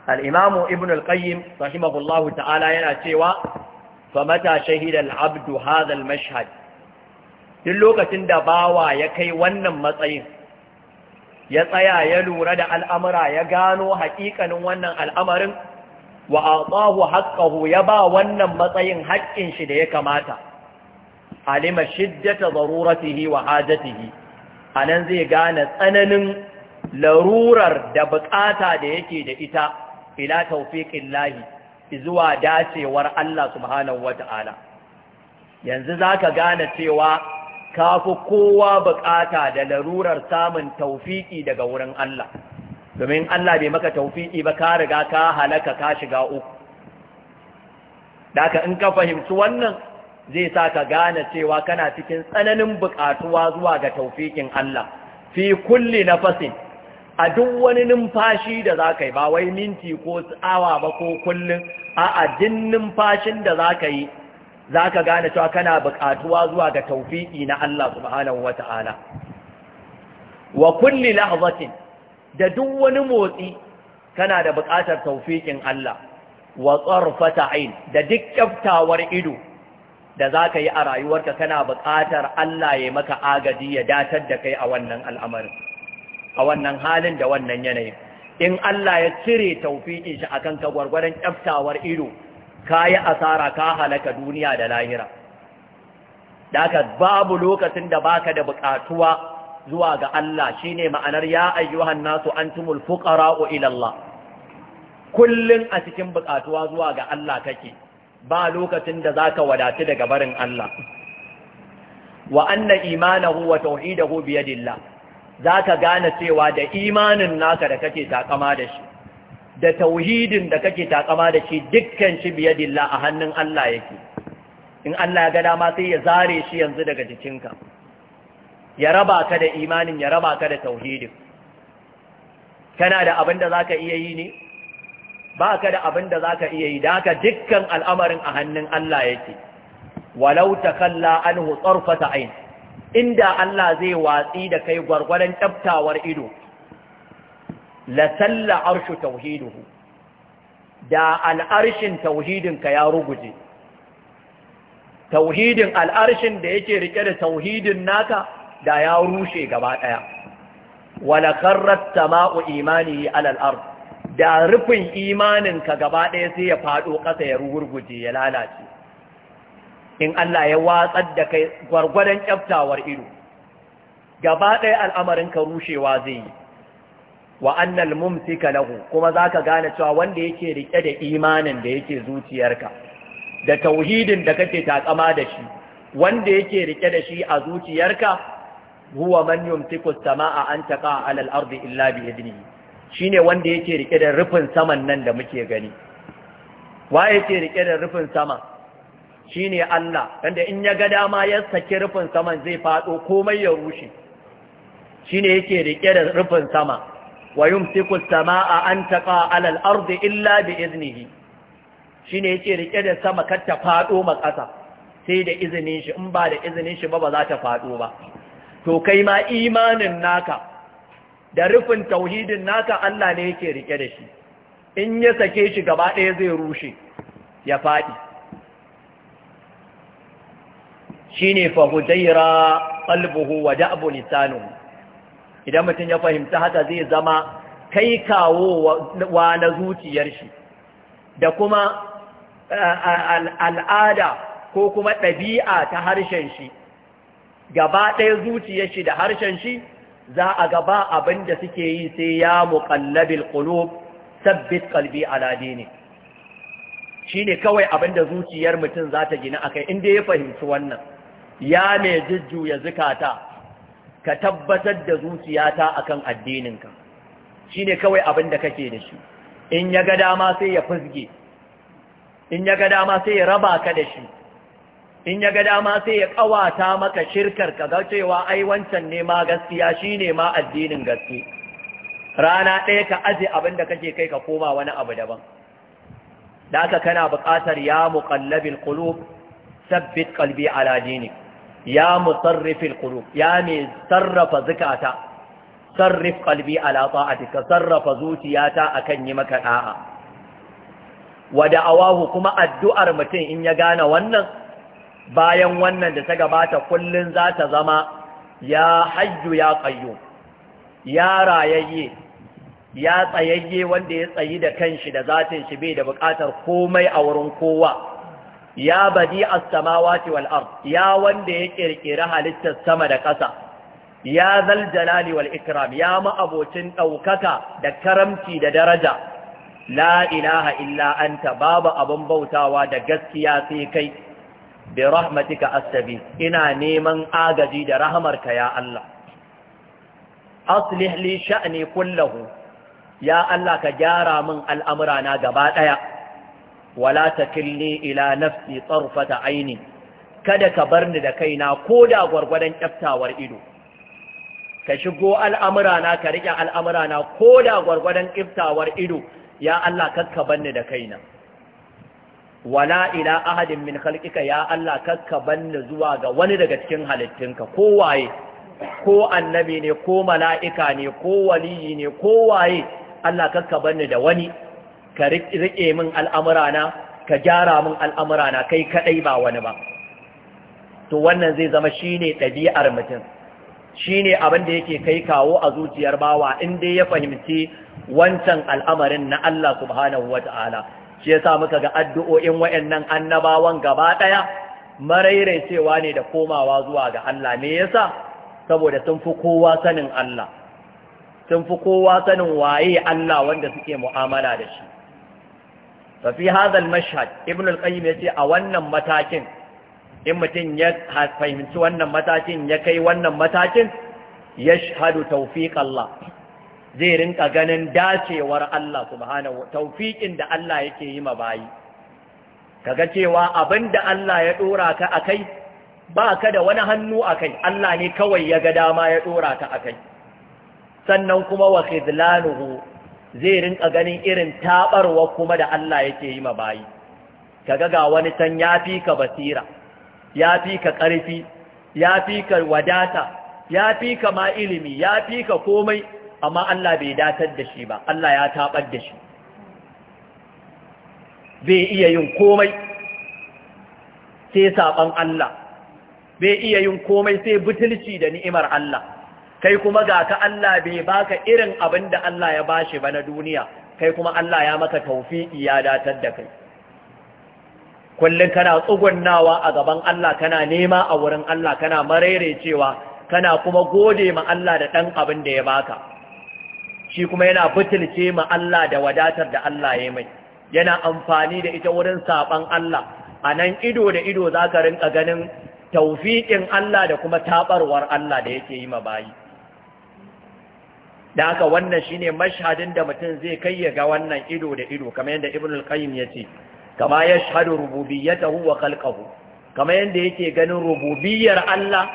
al-imam ibn al-qayyim rahimahullahu ta'ala yana cewa famata shahida al-abdu hadha al-mashhad duk lokacin da bawa ya kai wannan matsayin ya tsaya ya lura da al'amura ya gano haƙiƙanin wannan al'amarin wa atsahu haqqahu ya ba wannan matsayin haƙƙin shi da ya kamata alima shiddata zaruratihi wa A anan zai gane tsananin larurar da bukata da yake da ita ila tawfiqin lahi zuwa dacewar Allah subhanahu wata'ala yanzu zaka gane cewa ka fi kowa bukata da larurar samun taufiki daga wurin Allah domin Allah bai maka taufiki ba ka riga ka halaka ka shiga uku daka in ka fahimci wannan zai sa ka gane cewa kana cikin tsananin bukatuwa zuwa ga taufikin Allah fi kulli na fasin, a duk wani numfashi da za ka yi ba wai minti ko awa ba ko kullum a ajin numfashin da za ka yi za ka gane cewa kana buƙatuwa zuwa ga taufiƙi na Allah subhanahu wa ta'ala wa kulli lahzatin da duk wani motsi kana da buƙatar taufiƙin Allah wa tsarfata ain da duk kyaftawar ido da za ka yi a rayuwarka kana buƙatar Allah ya maka agaji ya datar da kai a wannan al'amarin a wannan halin da wannan yanayin in Allah ya cire taufiƙin shi akan ka gwargwaron kyaftawar ido ka yi asara ka halaka duniya da lahira daga babu lokacin da baka da bukatuwa zuwa ga Allah shine ma'anar ya ayyuhan nasu antumul fuqara'u ila Allah kullun a cikin bukatuwa zuwa ga Allah kake ba lokacin da zaka wadatu daga barin Allah wa anna imanahu wa tauhidahu bi yadillah zaka gane cewa da imanin naka da kake takama da shi da tauhidin da kake takama da shi dukkan shi dilla a hannun Allah yake in Allah ya ga dama sai ya zare shi yanzu daga jikinka ya raba ka da imanin ya raba ka da tauhidin kana da abin da zaka iya yi ne ba da abin da zaka iya yi da haka dukkan al'amarin a hannun Allah yake walau takalla anhu tsarfata ain inda Allah zai watsi da kai gwargwadon tabtawar ido la salla arshu tauhiduhu da al'arshin tauhidinka ya ruguje tauhidin al'arshin da yake rike da tauhidin naka da ya rushe gaba ɗaya wala karrat sama'u imani alal ard da rufin imaninka gaba ɗaya sai ya faɗo ƙasa ya rugurguje ya lalace in Allah ya watsar da kai gwargwadon kyaftawar ido gaba ɗaya al'amarinka rushewa zai yi wa annal mumsika lahu kuma zaka gane cewa wanda yake rike da imanin da yake zuciyarka da tauhidin da kake takama da shi wanda yake rike da shi a zuciyarka huwa man yumsiku as-samaa an taqa 'ala al-ardi illa bi idnihi shine wanda yake rike da rufin saman nan da muke gani wa yake rike da rufin sama shine Allah wanda in ya ga dama ya saki rufin saman zai fado komai ya rushe shine yake rike da rufin sama wa yumsiku as-samaa an taqa 'ala al-ardi illa bi iznihi shine yake rike da sama kar ta fado ma ƙasa sai da izinin shi in ba da izinin shi ba ba za ta fado ba to kai ma imanin naka da rufin tauhidin naka Allah ne yake riƙe da shi in ya sake shi gaba ɗaya zai rushe ya faɗi shine fa hujaira qalbuhu wa da'bu lisanuhu idan mutum ya fahimta haka zai zama kai kawo wa na zuciyar shi da kuma al'ada ko kuma ɗabi'a ta harshen shi gaba ɗaya zuciyar shi da harshen shi za a gaba abin da suke yi sai ya muƙallabil ƙulub sabbit kalbi alade ne shi ne kawai abin da zuciyar mutum za ta gina a kai inda ya fahimci wannan ya mai jujjuya zukata ka tabbatar da zuciyata akan addininka shine kawai abin da kake da shi in ya ga dama sai ya fizge in ya ga dama sai ya raba ka da shi in ya ga dama sai ya kawata maka shirkar ka ga cewa ai wancan ne ma gaskiya shine ma addinin gaske rana ɗaya ka aje abin da kake kai ka koma wani abu daban da haka kana buƙatar ya muqallabil qulub sabbit qalbi ala dinik ya musarrifil qulub ya ne sarrafa zakata sarrif qalbi a ta'atika sarrafa zuciyata akan yi maka da'a wa da'awahu kuma addu'ar mutum in ya gane wannan bayan wannan da ta gabata kullun za ta zama ya hajju ya ƙayyo, ya rayayye ya tsayayye wanda ya tsayi da kanshi da zatin shi bai da buƙatar komai a wurin kowa ya badi as-samawati wal'ar. ya wanda ya ƙirƙiri halittar sama da ƙasa ya zal jalali wal ikram ya ma'abocin ɗaukaka da karamci da daraja la ilaha illa anta babu abin bautawa da gaskiya sai kai bi rahmatika astabi ina neman agaji da rahamarka ya Allah aslih li sha'ni kullahu ya Allah ka gyara min al'amurana gaba ɗaya wala takilli ila nafsi tsarfata aini kada ka barni da kaina ko da gwargwadon kyaftawar ido ka shigo al'amurana ka riƙe al'amurana ko da gwargwadon kyaftawar ido ya Allah kakka bar da kaina wala ila ahadin min khalqika ya Allah kakka bar zuwa ga wani daga cikin halittunka ko waye ko annabi ne ko mala'ika ne ko waliyi ne ko waye Allah kakka bar da wani ka riƙe min al'amura na, ka gyara min na, kai kaɗai ba wani ba to wannan zai zama shi ne ɗabi'ar mutum shi ne abin da yake kai kawo a zuciyar bawa in dai ya fahimci wancan al'amarin na Allah subhanahu wa ta'ala shi ya sa muka ga addu'o'in wa'yannan annabawan gaba ɗaya maraicewa ne da komawa zuwa ga Allah me yasa saboda sun fi kowa sanin Allah sun fi kowa sanin waye Allah wanda suke mu'amala da shi fa Hazal hadha mashhad ibn al-qayyim yace a wannan matakin in mutum ya fahimci wannan matakin ya kai wannan matakin yashhadu tawfiq Allah zai rinka ganin dacewar Allah subhanahu tawfiqin da Allah yake yi ma bayi kaga cewa abinda Allah ya dora ka akai ba ka da wani hannu akai Allah ne kawai ya ga dama ya dora ka akai sannan kuma wa khidlanuhu zai rinƙa ganin irin taɓarwa kuma da Allah yake yi ma bayi kaga ga wani can ya fi ka basira ya fi ka ƙarfi ya fi ka wadata ya fi ka ma ilimi ya fi ka komai amma Allah bai datar da shi ba Allah ya taɓar da shi bai iya yin komai sai saɓan Allah bai iya yin komai sai butulci da ni'imar Allah kai kuma ga ka Allah bai baka irin abin da Allah ya bashi ba na duniya kai kuma Allah ya maka taufiki ya datar da kai kullum kana tsugunnawa a gaban Allah kana nema a wurin Allah kana marerecewa kana kuma gode ma Allah da ɗan abin da ya baka shi kuma yana butulce ma Allah da wadatar da Allah ya mai yana amfani da ita wurin saɓan Allah a nan ido da ido zaka rinka ganin taufiƙin Allah da kuma taɓarwar Allah da yake yi ma bayi da aka wannan shine mashhadin da mutum zai kai ya ga wannan ido da ido kamar yadda ibn al-qayyim yace kama yashhadu rububiyyatahu wa khalqahu kamar yadda yake ganin rububiyyar Allah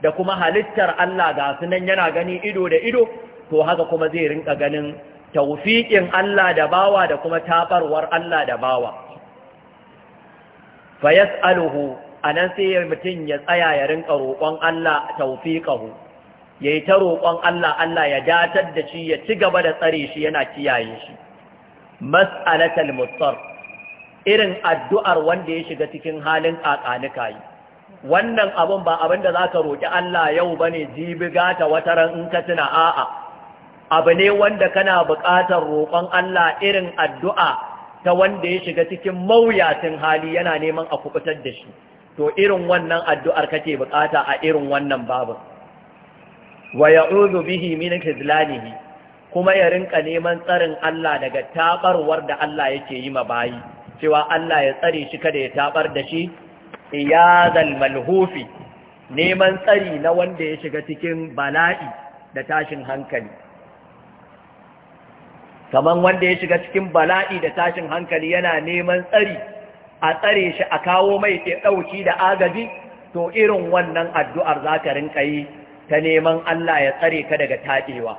da kuma halittar Allah ga sunan yana gani ido da ido to haka kuma zai rinka ganin tawfiqin Allah da bawa da kuma tabarwar Allah da bawa fa yas'aluhu anan sai mutum ya tsaya ya rinka roƙon Allah tawfiqahu ya yi ta roƙon Allah Allah ya datar da shi ya ci gaba da tsare shi yana kiyaye shi mas'alatal mustar irin addu'ar wanda ya shiga cikin halin ƙaƙanika yi wannan abin ba abin da za ka roƙi Allah yau ba ne jibi gata wataran in ka tuna a'a abu ne wanda kana buƙatar roƙon Allah irin addu'a ta wanda ya shiga cikin mawuyacin hali yana neman a kubutar da shi to irin wannan addu'ar kake buƙata a irin wannan babu wa ozo bihi min khizlanihi kuma ya rinka neman tsarin Allah daga taɓarwar da Allah yake yi ma bayi cewa Allah ya tsare shi kada ya tabar da shi iyazal malhufi neman tsari na wanda ya shiga cikin bala'i da tashin hankali kaman wanda ya shiga cikin bala'i da tashin hankali yana neman tsari a tsare shi a kawo mai ke ɗauki da agaji to irin wannan addu'ar za ka rinka yi ta neman Allah ya tsare ka daga taɗewa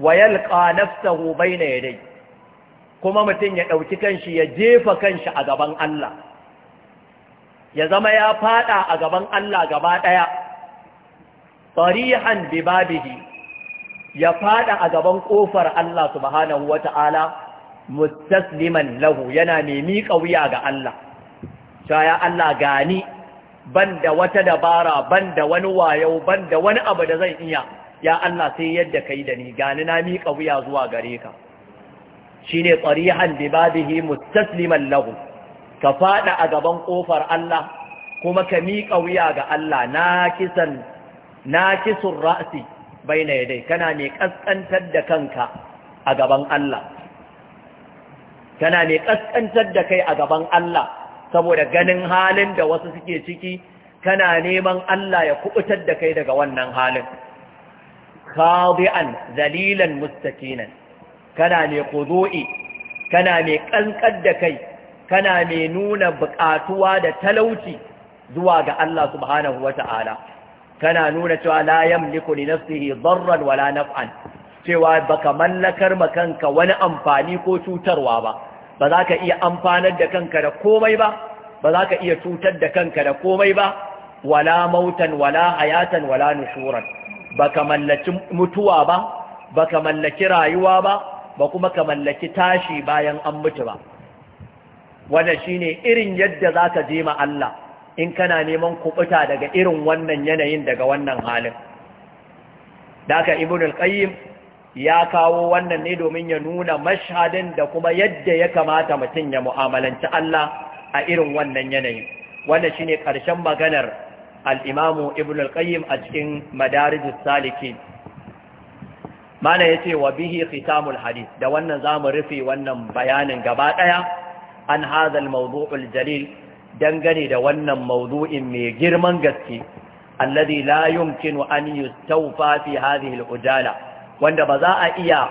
wa yalqa nafsahu bayna dai, kuma mutum ya ɗauki kanshi ya jefa kanshi a gaban Allah ya zama ya faɗa a gaban Allah gaba ɗaya tsarihan bibabihi ya fada a gaban ƙofar Allah subhanahu Ta'ala mustasliman lahu yana mai miƙa wuya ga Allah ya Allah gani ban da wata dabara ban da wani wayau ban da wani abu da zan iya ya Allah sai yadda kai da ni gani na miƙa wuya zuwa gare ka shine tsarihan bibadihi mustasliman lahu ka fada a gaban kofar Allah kuma ka miƙa wuya ga Allah na kisan na kisun ra'si baina yadai kana ne kaskantar da kanka a gaban Allah kana ne kaskantar da kai a gaban Allah saboda ganin halin da wasu suke ciki kana neman Allah ya kubutar da kai daga wannan halin khadi'an zalilan mustakinan kana ne kudu'i kana ne kankar da kai kana ne nuna buƙatuwa da talauci zuwa ga Allah subhanahu wata'ala kana nuna cewa la yamliku li nafsihi darran wala naf'an cewa baka mallakar makanka wani amfani ko cutarwa ba ba za ka iya amfanar da kanka da komai ba ba za ka iya cutar da kanka da komai ba wala mautan wala hayatan wala nushuran ba ka mallaki mutuwa ba ba ka mallaki rayuwa ba ba kuma ka mallaki tashi bayan an mutu ba wannan shine irin yadda za ka je ma Allah in kana neman kubuta daga irin wannan yanayin daga wannan halin da aka ibn al-qayyim ya kawo wannan ne domin ya nuna mashhadin da kuma yadda ya kamata mutum ya mu'amalanci Allah a irin wannan yanayi wannan shine ƙarshen maganar al-Imam Ibn al-Qayyim a cikin Madarijus Salikin mana yace wa bihi khitamul hadith da wannan zamu rufe wannan bayanin gaba daya an hadha al-mawdu' al-jalil dangane da wannan mawdu'in mai girman gaske alladhi la yumkinu an yustawfa fi hadhihi al-ujala wanda ba za a iya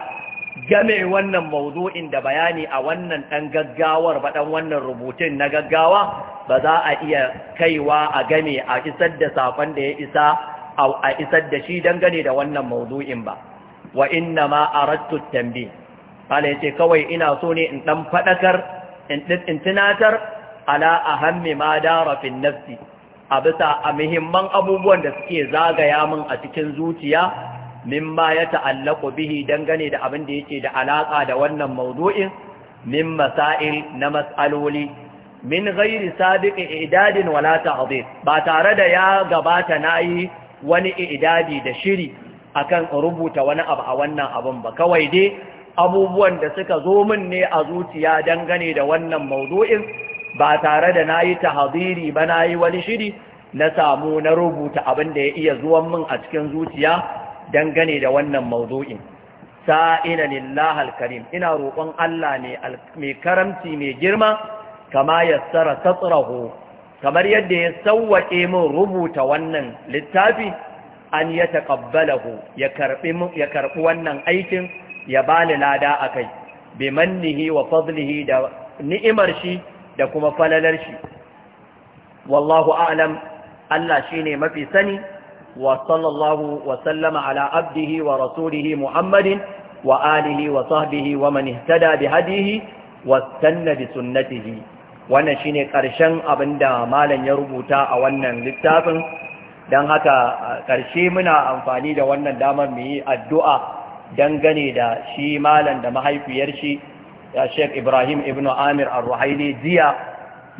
game wannan mawdu'in da bayani a wannan ɗan gaggawar ba ɗan wannan rubutun na gaggawa ba za a iya kaiwa a game a isar da safon da ya isa a isar da shi dangane da wannan mawdu'in ba wa inna ma aradtu tanbih ala yace kawai ina so ne in ɗan faɗakar, in tunatar ala ahammi ma dara nafsi a bisa a muhimman abubuwan da suke zagaya min a cikin zuciya mimma ya ta'allaku bihi dangane da abin da yake da alaƙa da wannan mawdu'in min masail na mas'aloli min gairi sabiqi idadin wala ta'dhib ba tare da ya gabata nayi wani idadi da shiri akan rubuta wani abu a wannan abun ba kawai dai abubuwan da suka zo min ne a zuciya dangane da wannan mawdu'in ba tare da nayi tahdhiri ba nayi wani shiri na samu na rubuta abin da ya iya zuwan min a cikin zuciya dangane da wannan mawdu'in sa'ina lillahi alkarim ina roƙon Allah ne mai karamci mai girma kama yassara tatrahu kamar yadda ya sawwake min rubuta wannan littafi an ya taqabbalahu ya karbi ya karbi wannan aikin ya bani lada akai bi mannihi wa fadlihi da ni'imar shi da kuma falalar shi wallahu a'lam Allah shine mafi sani وصلى الله وسلم على عبده ورسوله محمد وآله وصحبه ومن اهتدى بهديه واستنى بسنته wannan shine karshen abinda malam ya rubuta a wannan littafin don haka karshe muna amfani da wannan damar mu yi addu'a dangane da shi malam da mahaifiyar shi ya Sheikh Ibrahim ibn Amir Ar-Ruhaili jiya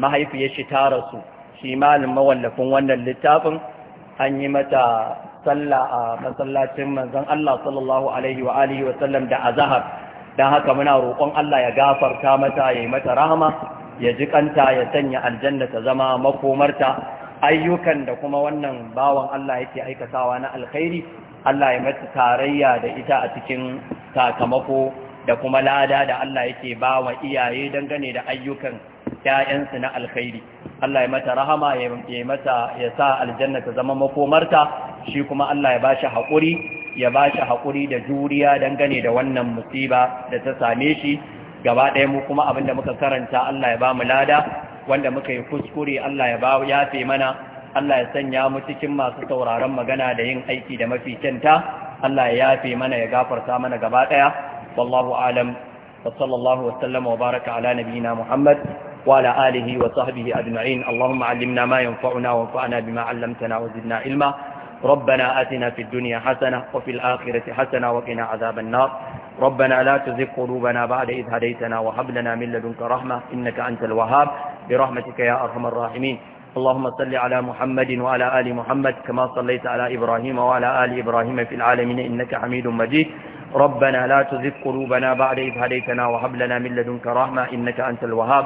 mahaifiyar shi ta rasu shi malam mawallafin wannan littafin an yi mata sallah a masallacin manzon Allah sallallahu alaihi wa alihi wa sallam da azhar dan haka muna roƙon Allah ya gafarta mata ya yi mata rahama ya ji ƙanta, ya sanya aljanna ta zama makomarta ayyukan da kuma wannan bawan Allah yake aikatawa na alkhairi Allah ya mata tarayya da ita a cikin sakamako da kuma lada da Allah yake ba wa iyaye dangane da ayyukan 'ya'yansu na alkhairi Allah ya mata rahama ya mata ya sa aljanna ta zama makomarta shi kuma Allah ya bashi haƙuri ya bashi haƙuri da juriya dangane da wannan musiba da ta same shi gaba ɗaya mu kuma da muka karanta Allah ya ba mu lada wanda muka yi kuskure Allah ya ba yafe mana Allah ya sanya mu cikin masu sauraron magana da yin aiki da mafi kyanta Allah ya yafe mana ya gafarta mana gaba ɗaya wallahu alam wa sallallahu wa sallama wa baraka ala nabiyina Muhammad وعلى آله وصحبه أجمعين اللهم علمنا ما ينفعنا وانفعنا بما علمتنا وزدنا علما ربنا آتنا في الدنيا حسنة وفي الآخرة حسنة وقنا عذاب النار ربنا لا تزغ قلوبنا بعد إذ هديتنا وهب لنا من لدنك رحمة إنك أنت الوهاب برحمتك يا أرحم الراحمين اللهم صل على محمد وعلى آل محمد كما صليت على إبراهيم وعلى آل إبراهيم في العالمين إنك حميد مجيد ربنا لا تزغ قلوبنا بعد إذ هديتنا وهب لنا من لدنك رحمة إنك أنت الوهاب